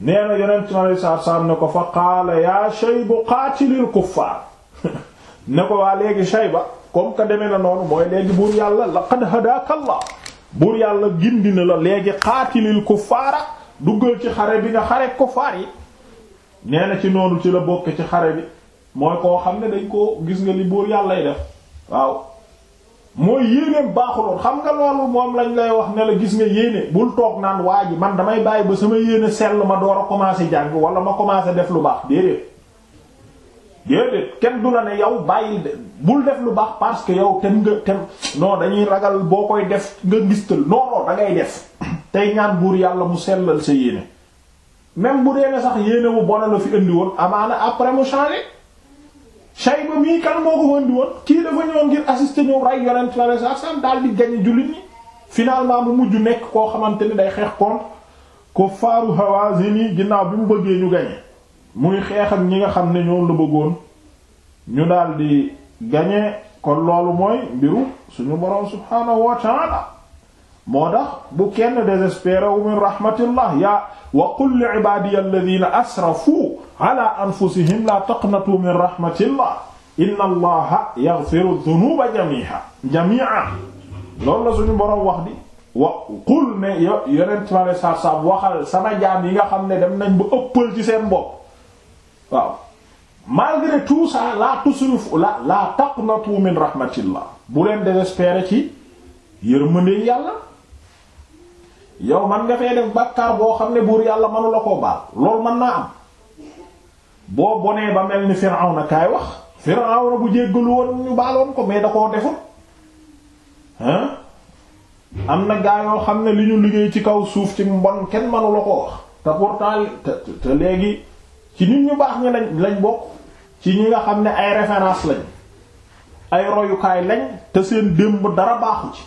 nee na yonent mi alayhi salaatu salaam ne ko fa qaala yaa Shaybu qaatilil kuffaar ne ko waa léegi shey ba comme que demee na noonu mooy léegi buur yàlla laqad hadaaka Allah buur yàlla gindi na la léegi qaatilil kuffaara duggal ci xare bi nga xare kuffaar yi nee na ci noonu ci la bokk ci xare bi mooy koo xam ne dañ ko gis nga li buur yàllay def waaw mooy yéeneem baaxuloon xam nga loolu moom lañ lay wax ne la gis nga yéene bul toog naan waa ji man damay bàyyi ba sama yéene sell ma door a commencer jàng wala ma commencer def lu baax déedéet déedéet kenn du la ne yow bàyyi bul def lu baax parce que yow tem nga tem non dañuy ragal boo koy def nga ngistal non non da def tey ñaan buur yàlla mu sellal sa yéene même bu dee ne sax yéene bu bon la fi indi woon amaana après mu changer Shayba mii kan moo ko wëndi woon kii dafa ñoo ngir assister ñoom rey yonent la sa sam di gañe jullit ñi finalement mu mujj nekk koo xamante ni day xeex contre ko faaru Hawazin yi ginnaaw bi mu bëggee ñu gañe muy xeex ak ñi nga xam ne ñoom la bëggoon ñu daal di gañe kon loolu mooy mbiru suñu boroom subhaanahu wa moo tax bu kenn désespéré wu min rahmatillah yaa wa qul li ibadiya alladhina asrafu ala anfusihim la taqnatu min rahmatillah inna allaha yaghfiru dhunuba jami'a jami'a loolu la suñu boroom wax di wa qul ne yonent male saab-saab waxal sama jaam yi nga xam ne dem nañ ba ëppal ci seen bopp waaw malgré la tusrifu la la taqnatu min rahmatillah bu leen désespéré ci yërmande yàlla yow man nga fee def bàkkaar boo xam ne buur yàlla manu la koo baax loolu man naa am boo bonee ba mel ni na kaay wax Firawna bu jéggalu woon ñu baaloon ko mais da koo defut am na gaa yoo xam ne li ñu liggéey ci kaw suuf ci mbon kenn manu la koo wax te pourtant te te léegi ci nit ñu baax ñi lañ lañ bokk ci ñi nga xam ne ay référence lañ ay royukaay lañ te seen démb dara baaxu ci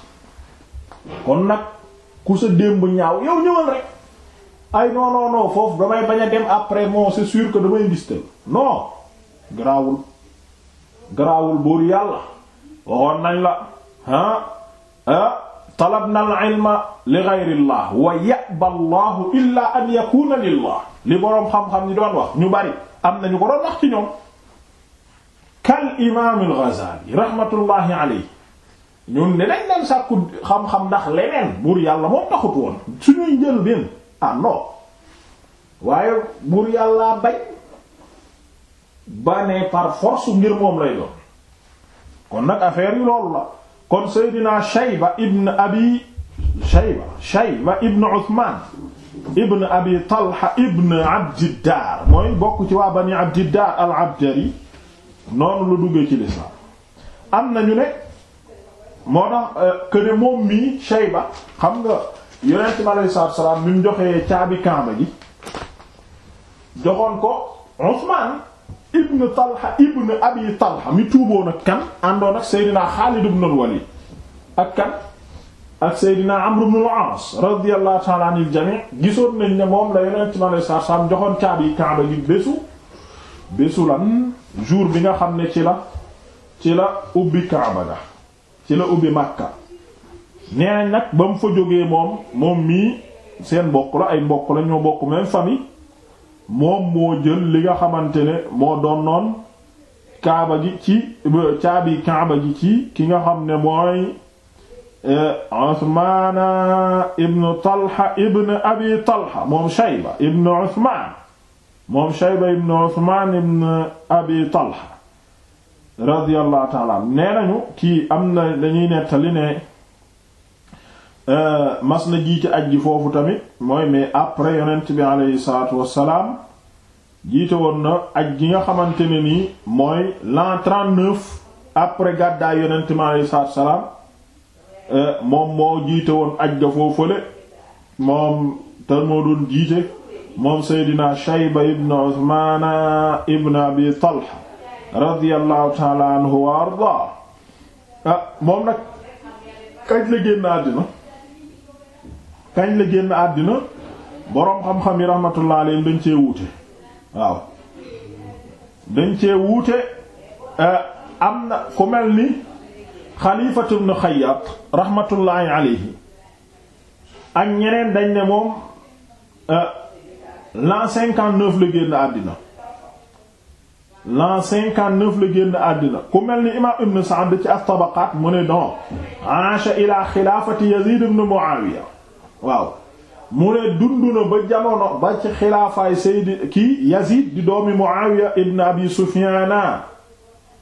kon nag ku sa bu ñaaw yow ñëwal rek ay non non non foofu damay bañ dem après bon c'est sûr que damay ngistal non garaawul garaawul buur yàlla waxoon nañ la ah ah talabna al ilma li ghayrillah wa ya'ba allahu illa an yakuna lillah li boroom xam-xam ni doon wax ñu bari am nañu ko doon wax ci ñoom kal imam al ghazali rahmatullahi alayhi ñun dinañ dem sàkku xam-xam ndax leneen buur yàlla moom taxut woon suñuy njël benn ah non waaye buur yàlla bañ ba ne par force ngir moom lay doon kon nag affaire yi loolu la kon Seydina Shayba ibn Abi Shayba Shayba ibn Abi Talha ibn Abdiddar mooy bokk ci waa Bani Abdiddar al-Abdari noonu lu duggee ci lislaam am nañu ne moo tax euh, que ne moom mii Shayba xam nga yonent bi alayhi salaatu salaam mu joxee caabi Kaaba gi joxoon ko Usmaan ibn Talha ibn Abi Talha mi tuuboon ak kan àndoon ak Seydina Xaalid ibn al-Walid ak kan ak Seydina Amr ibn al-Aas radiyallahu joxoon caabi Kaaba ji bésu lan jour bi nga xam ne ci la ci la ubbi Kaaba ga ci la ubbi Makka nee nañ nag ba mu fa jógee moom moom mii seen mbokk la ay mbokk la ñoo bokk même famille moom moo jël li nga xamante ne moo doon noon kaaba gi ci caabi kaaba gi ci ki nga xam ne mooy eh, Usmaana ibn Talha ibn Abi Talha moom Shayba ibn Usmaan moom Shayba ibn Abi Talha radiyallahu taala nee nañu kii am na dañuy nettali ne euh, mas na jiite aj ji foofu tamit mooy mais après yonent bi aleyhi salaatu wassalaam jiite woon na aj ji nga xamante ne nii mooy l'an 39 après gàddaay yonent bi aleyhi salaatu wassalaam euh, moom moo jiite woon aj ga foofale moom te moo doon jiite moom Seydina Shayba ibn Abi Talha radiyallahu taala anhu wa ardaa ah, moom nag kañ la génn àddina kañ la génn àddina boroom xam-xam yi rahmatullah alayhim dañ cee wuute waaw dañ cee wuute eh, am na ku mel ni xalifatu ibn xayyat rahmatullahi alayhi ak ñeneen dañ ne moom eh, l'an cinquante-neuf la génn àddina l'an cinquante-neuf la génn àddina ku mel ni imaam ibn Sa'd ci at-Tabaqaat mu ne don aasha ila xilaafati Yazid ibn Muawiya waaw mu ne dund na ba jamono ba ci xilaafaay Sayyid kii Yazid di doomi Muawiya ibn Abi Sufyaana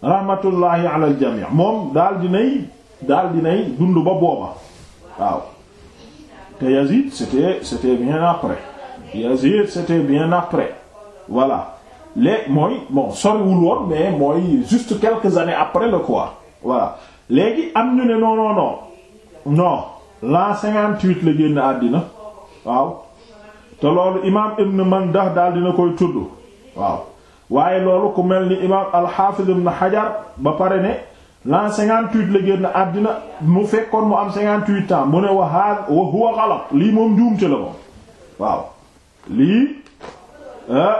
rahmatullahi ala al-jamii moom daal dinay daal dinay dund ba booba waaw te Yazid c'était bien après Yazid c'était bien après voilà léegi mooy bon soriwul woon mais mooy juste quelques années après le quoi voilà léegi am ñu ne non non non non la génn àddina waaw te loolu imaam Ibn Mandah daal dina koy tudd waaw waaye loolu ku mel ni imaam al-Hafiz Ibn ba pare ne l'an 58 la génn àddina mu fekkoon mu am 58 ans mu ne wa ha wa huwa ghalat lii moom njuumte la moom waaw lii euh,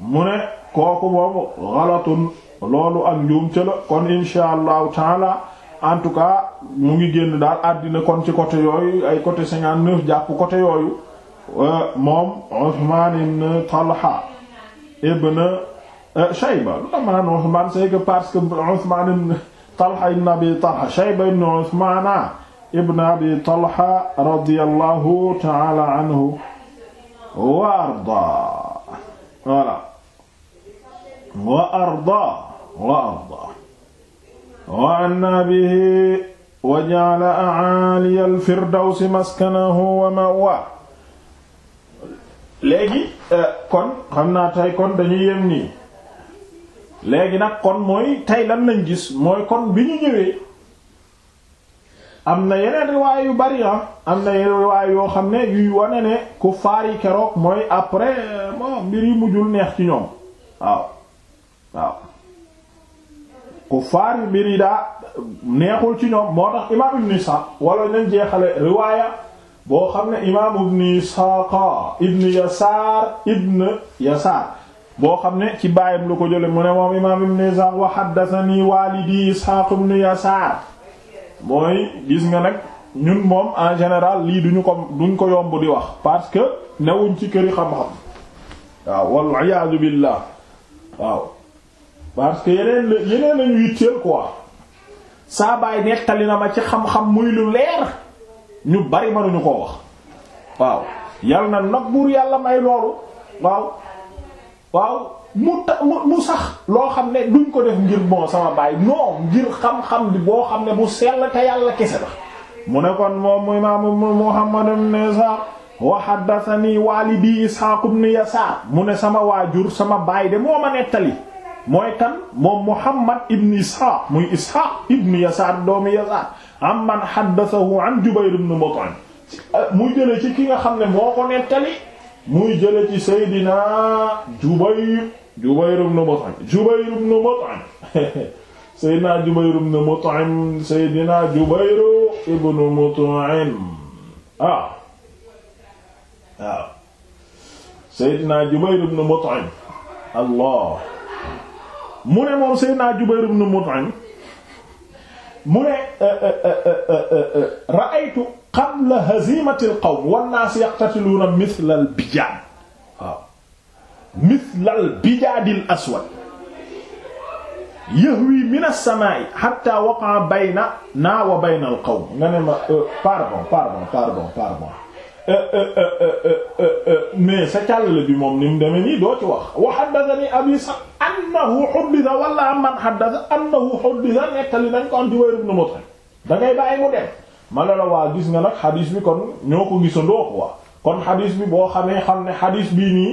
mu ne kooku boobu xalatun loolu ak njuum kon insha allahu taala en tout cas mu ngi génn daal àddina kon ci côté yooyu ay côté cinquante-neuf jàpp côté yooyu euh, moom Uthman ibn Talha ibn euh, Shayba lu tax ibn Abi Talha ibn Abi Talha radiyallahu ta'ala anhu wa arda voilà wa arda wa arda wa anna bihi wa ja'ala a'aliya al-firdawsi maskanahu wa ma'wa léegi euh, kon xam naa tey kon dañuy yem nii léegi nag mooy tey lan lañ gis mooy kon bi ñu am na yeneen riwaay yu bari ah am na yeneen riwaay yoo xam ne yuy wane ne ku faar yi keroog mooy après mbir yi mujjul neex ci ñoom waaw waaw ku yi mbir yi daa neexul ci ñoom moo tax imaam ibn Isaaq wala nañ jeexale riwaaya boo xam ne imaam ibn Isaaq ibn Yasaar ibn Yasaar boo xam ne ci baayam lu ko jële mu ne moom imaam ibn Isaaq wa walidi Isaaq ibn Yasaar mooy gis nga nag ñun moom en général lii duñu ko duñ ko yomb di wax parce que newuñ ci këri xam-xam waaw wal iyaadu billah waaw parce que yeneen la yeneen lañu yitteel quoi saa baay nettali na ma ci xam-xam muy lu leer ñu bari mënuñu koo wax waaw yal na nag buur yàlla may loolu waaw waaw mu ta sax loo xam ne duñ ko def ngir bon sama baay non ngir xam-xam bi boo xam ne bu sell te yàlla kese la mu ne kon moom imaam Muhammad ibn Isaaq wa haddathani walidi Isaaq ibn Yasaar mu ne sama waajur sama baay de moo ma nettali mooy kan moom Muhammad ibn Isaaq muy Isaaq ibn Yasaar doomu Yasaar amman haddathahu an Jubayr ibn Mut'im muy jële ci ki ne moo ko nettali muy jële ci Jubayr Jubayr ibn Mut'im Jubayr ibn Mut'im Seydina Jubayr ibn Mut'im Seydina Jubayr ibn Mut'im ah waaw ah. Seydina Jubayr ibn Mut'im Allah mu ne moom Seydina Jubayr ibn Mut'im mu ne eh, eh, eh, ra'aytu qabla hazimati al-qawm wan-naas yaqtatiluuna mithla al-bijaan mislal bijaadil aswad yahwi min as-samaa'i hatta waqa'a bayna naa wa bayna al-qawm nga ne ma euh, pardon pardon pardon pardon euh, euh, mais sa càllale bi moom ni mu nii doo ci wax wa haddathani abi sa annahu hudditha wala man haddatha annahu hudditha nettali dañ ko am ci Jubayr ibn Mut'im mu dem ma la la waa gis nga nag xadiis bi kon ñoo ko gisandoo ko wax kon xadiis bi boo xamee xam ne xadiis bii nii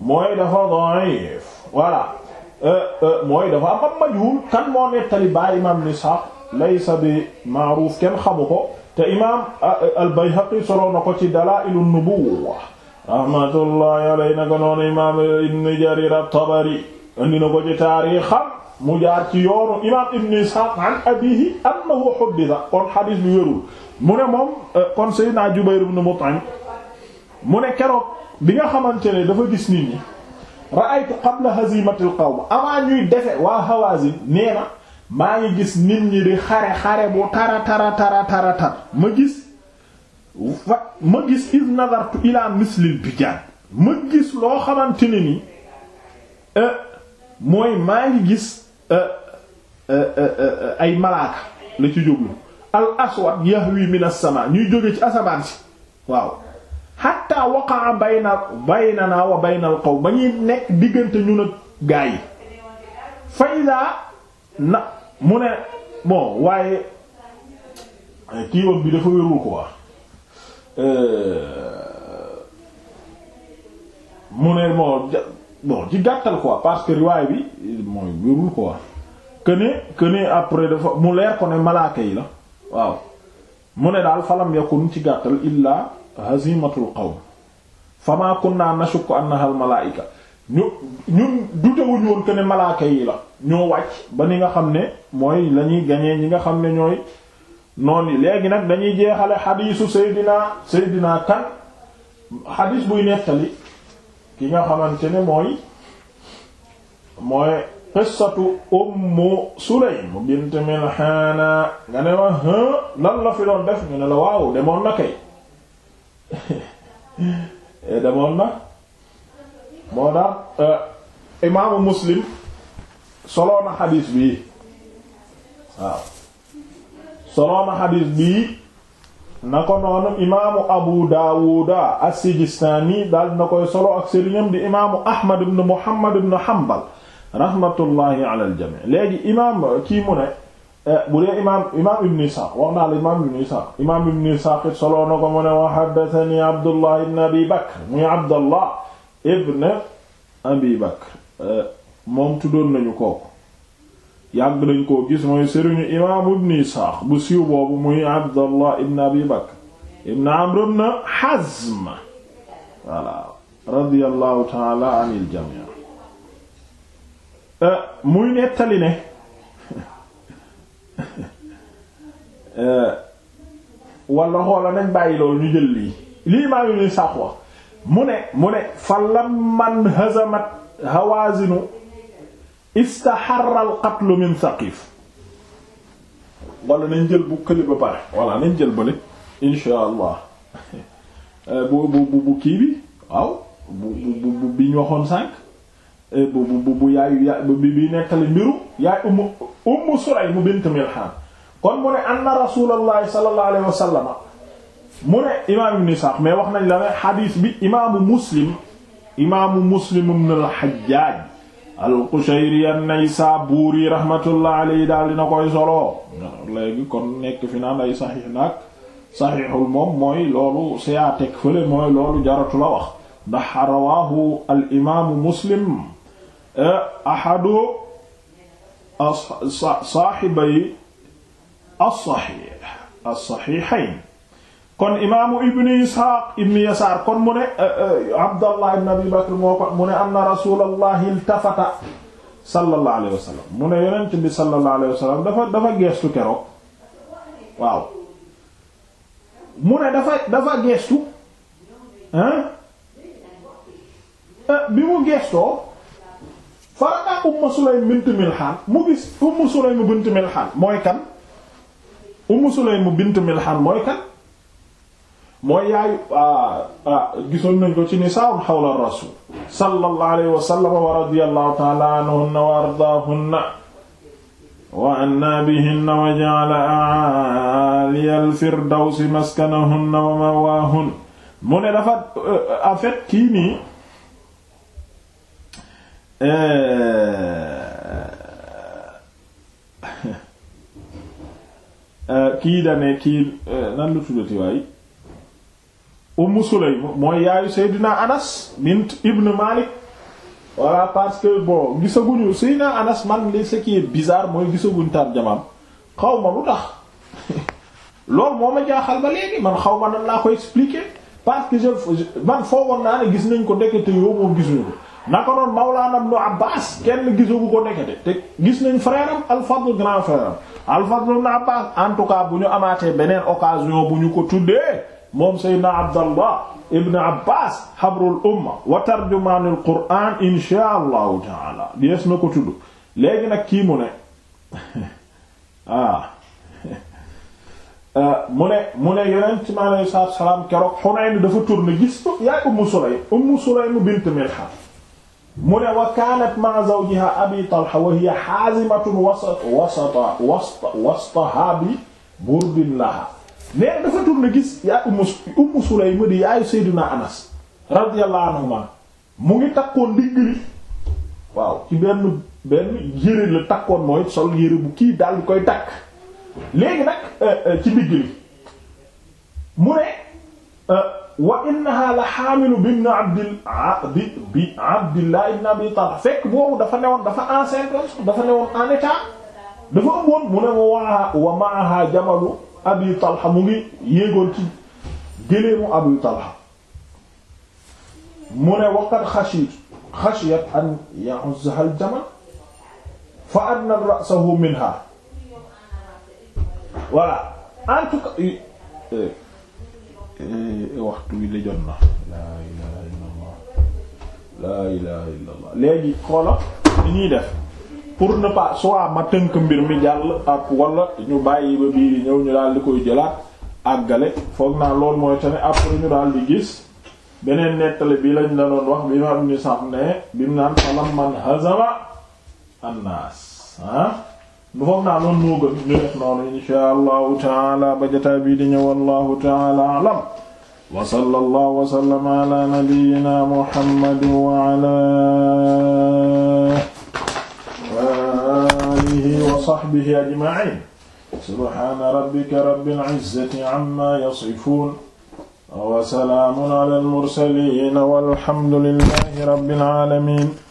mooy dafa da'if voilà euh, euh, mooy dafa am am majhul kan moo nettali baa imam nisaq laysa bi ma'ruf kenn xamu ko te imam al-Bayhaqi soloo na ko ci Dalaa'il an-Nubuwwa rahmatullahi alayhi naka noonu imam Ibn Jarir at-Tabari andi na ko ci taarixam mu jaar ci yoonu imam Ibn Ishaq an abihi annahu hudditha kon xadis bi wérul mu ne moom euh, kon Sayyidina Jubayr ibn Mut'im mu ne keroog bi nga xamante ne dafa gis nit ñi ra'aytu qabla hazimatil qawm avant ñuy defe waa Hawazin nee maa ngi gis nit ñi di xare xare bu tara tara tara tara tar ma gis ma gis iz nazartu ila mislil bijaan ma gis loo xamante ni ni euh, mooy maa ngi gis euh, euh, ay malaaka la ci jóglu al aswad yahwi min as-sama ñuy jóge ci asamaan si waaw hatta waqa'a bayna baynana wa baynal qawm ba ñuy nekk diggante ñu ak gaa yi fa idaa na mu ne bon waaye eh, kiiwam bi dafa wérul quoi eh, mu ne bon bon ci gàttal quoi parce que riwaay bi mooy wérul quoi que ne que ne après dafa mu leer ko ne malaaka yi la waaw mu ne daal falam yakun ci gàttal illaa hazimatul qawm fama na nashukku annaha al malaa'ika ñu ñun dutewuñu woon que ne malaaka yi la ñoo wàcc ba ni nga xam ne mooy lañuy ñuy gañee ñi nga xam ne ñooy noon yi léegi nag dañuy jeexale xadiisu Seydina Seydina kan xadiis buy nettali ki nga xamante ne mooy mooy qissatu Ummu Sulaym bint Milhana nga ne wa lan la fi doon def ñu ne la waaw demoon na kay Eh, demoon na moo tax eh, imaamu muslim soloo na bii waaw soloo bii na noonu imaamu abu daawuda as daal na solo ak sëriñam di imaamu ahmad ibn muhammad ibn hanbal rahmatullahi ala al jami imaam kii mu ne Eh, bu dee imaam imaam ibn Isaaq wax naa la imaam ibn Isaaq imaam ibn Isaaq it soloo na ko mu ne wa haddathani Abdullah ibn Abi Bakr muy Abdullah ibn Abi Bakr eh, moom tuddoon nañu kooku yàgg nañ koo gis mooy sëriñu imaam ibn Isaaq bu siiw boobu muy Abdullah ibn Abi Bakr ibn Amr ibn Hazm voilà radiyallahu ta'ala anil jami' eh, muy nettali ne Euh, wala xoola nañ bàyyi ñu jël lii lii maa ngi ñuy sàq wax mu ne mu ne fa lamman hazamat hawazinu istaharra al qatlu min saqif wala nañ jël bu këli ba pare wala nañ jël bële insha allah euh, bu bu bu kii bi waaw bu bu bu bi ñu waxoon sànq euh, bu bu bu yaayu ya bi bi nettali mbiru yaay umu ummu sulaym bint milhan kon mu ne anna rasulallahi sallallahu alayhi wa sallam mu ne imaam ibn Isaaq mais wax nañ la ne xadiis bi imaamu muslim imaamu muslim ibn al-Hajjaaj al-Qushayri an-Naysaabuuri rahmatullah alayhi daal dina koy solo léegi kon nekk fi naan ay saxiix nag saxiixul moom mooy loolu siyaa teg fële mooy loolu jaratu la wax ndax rawaahu al imaamu muslim eh, ahadu saaxibay as-saxiix as-saxiixayn kon imaamu ibnu isxaaq ibnu yasaar kon mu ne eh, eh, abdallah ibn abi bakr moo ko mu ne anna rasulallahi iltafata sallallahu alayhi wa sallam mu ne yonent bi sallallahu alayhi wa sallam dafa dafa geestu keroog waaw mu ne dafa dafa geestu hein eh, bi mu geestoo farataa umma sulaym bint milhan mu gis umma sulaym bint milhan mooy kan umma sulaym bint milhan mooy kan mooy yaayu ah, ah, gisoon nañ ko ci nisaa'un hawla rasul sallallahu alayhi wa sallam wa radiyallahu ta'ala anhunna wa ardaahunna wa anna bihinna wa ja'ala a'aliyal firdawsi maskanahunna wa mawahun mu ne dafa eh, en fait kii nii kii dane kii nan lu tuddati waay Umm Sulaym mooy yaayu Seydina Anas bint Ibn Malik voilà parce que bon gisaguñu Seydina Anas man li ce qui est bizarre mooy gisaguñ tarjamaam xaw ma lu tax loolu moo ma jaaxal ma léegi man xaw ma nan laa ko expliquer parce que je man foogoon naa ne gis nañ ko ndekete yoo moom gisuñu ko naka noonu Mawlaana Ibnu Abbaas kenn gisagu ko nekkete te gis nañ frère am grand frère am al Abbaas en tout cas bu ñu amaatee beneen occasion bu ñu ko tuddee moom Seydina Abdallah Ibn Abbaas habrul umma wa tarjumaanul Qur'aan insha allahu taala dees na ko tudd léegi nag kii mu ne ah euh, mu ne mu ne Yonent mi alayhi salaatu wa salaam keroog Hunayn dafa tourné gis yaay Ummu Sulaym Ummu Sulaym bint Milhan mu ne wa kaanat ma'a zawjiha abi talha wa hiya haazimatun wasat wasata wasta wastaha bi burdin laha dafa tourné gis yaa ummu ummu sulaym yaayu sayyidina anas radiyallahu anhuma mu ngi takkoon digg li waaw ci benn benn yére la takkoon mooy sol yére bu kii daal di koy takk léegi nag eh, eh, ci digg li mu ne eh, wa innaha la xaamilu bi ibn abdil bi bi abdillah ibn abi talha fekk boobu dafa newoon dafa enceinte dafa newoon en état dafa ëmboon mu ne waa wa maaha jamalu abi talha mu ngi yéegoon ci géléemu abi talha mu ne waqad xashit xashiyat an ya'uzzaha al jamal fa adna ra'sahu minha voilà en tout cas euh, Eh, waxtu wi la jot na laa ilaha illa allah laa ilaha illa léegi xoola li ñuy def pour ne pas soit ma tënk mbir mi jàll ak wala ñu bàyyi ba bii di ñëw ñu daal di koy jëlaat àggale foog naa loolu mooy tamit après ñu daal gis beneen nettali bi lañ la doon wax bi ma am ni sax ne bi mu naan falam man hazama annaas ah lu foog naa loolu moo gën ñu def noonu inshaa allahu taala ba jataa bii di ñëw wallahu taala alam wa sallallahu wa sallama ala nabiyyina muhammadin wa ala alihi wa sahbihi ajma'in subhana rabbika rabbil izzati amma yasifun wa salaamun ala al mursalin walhamdulillahi rabbil alamin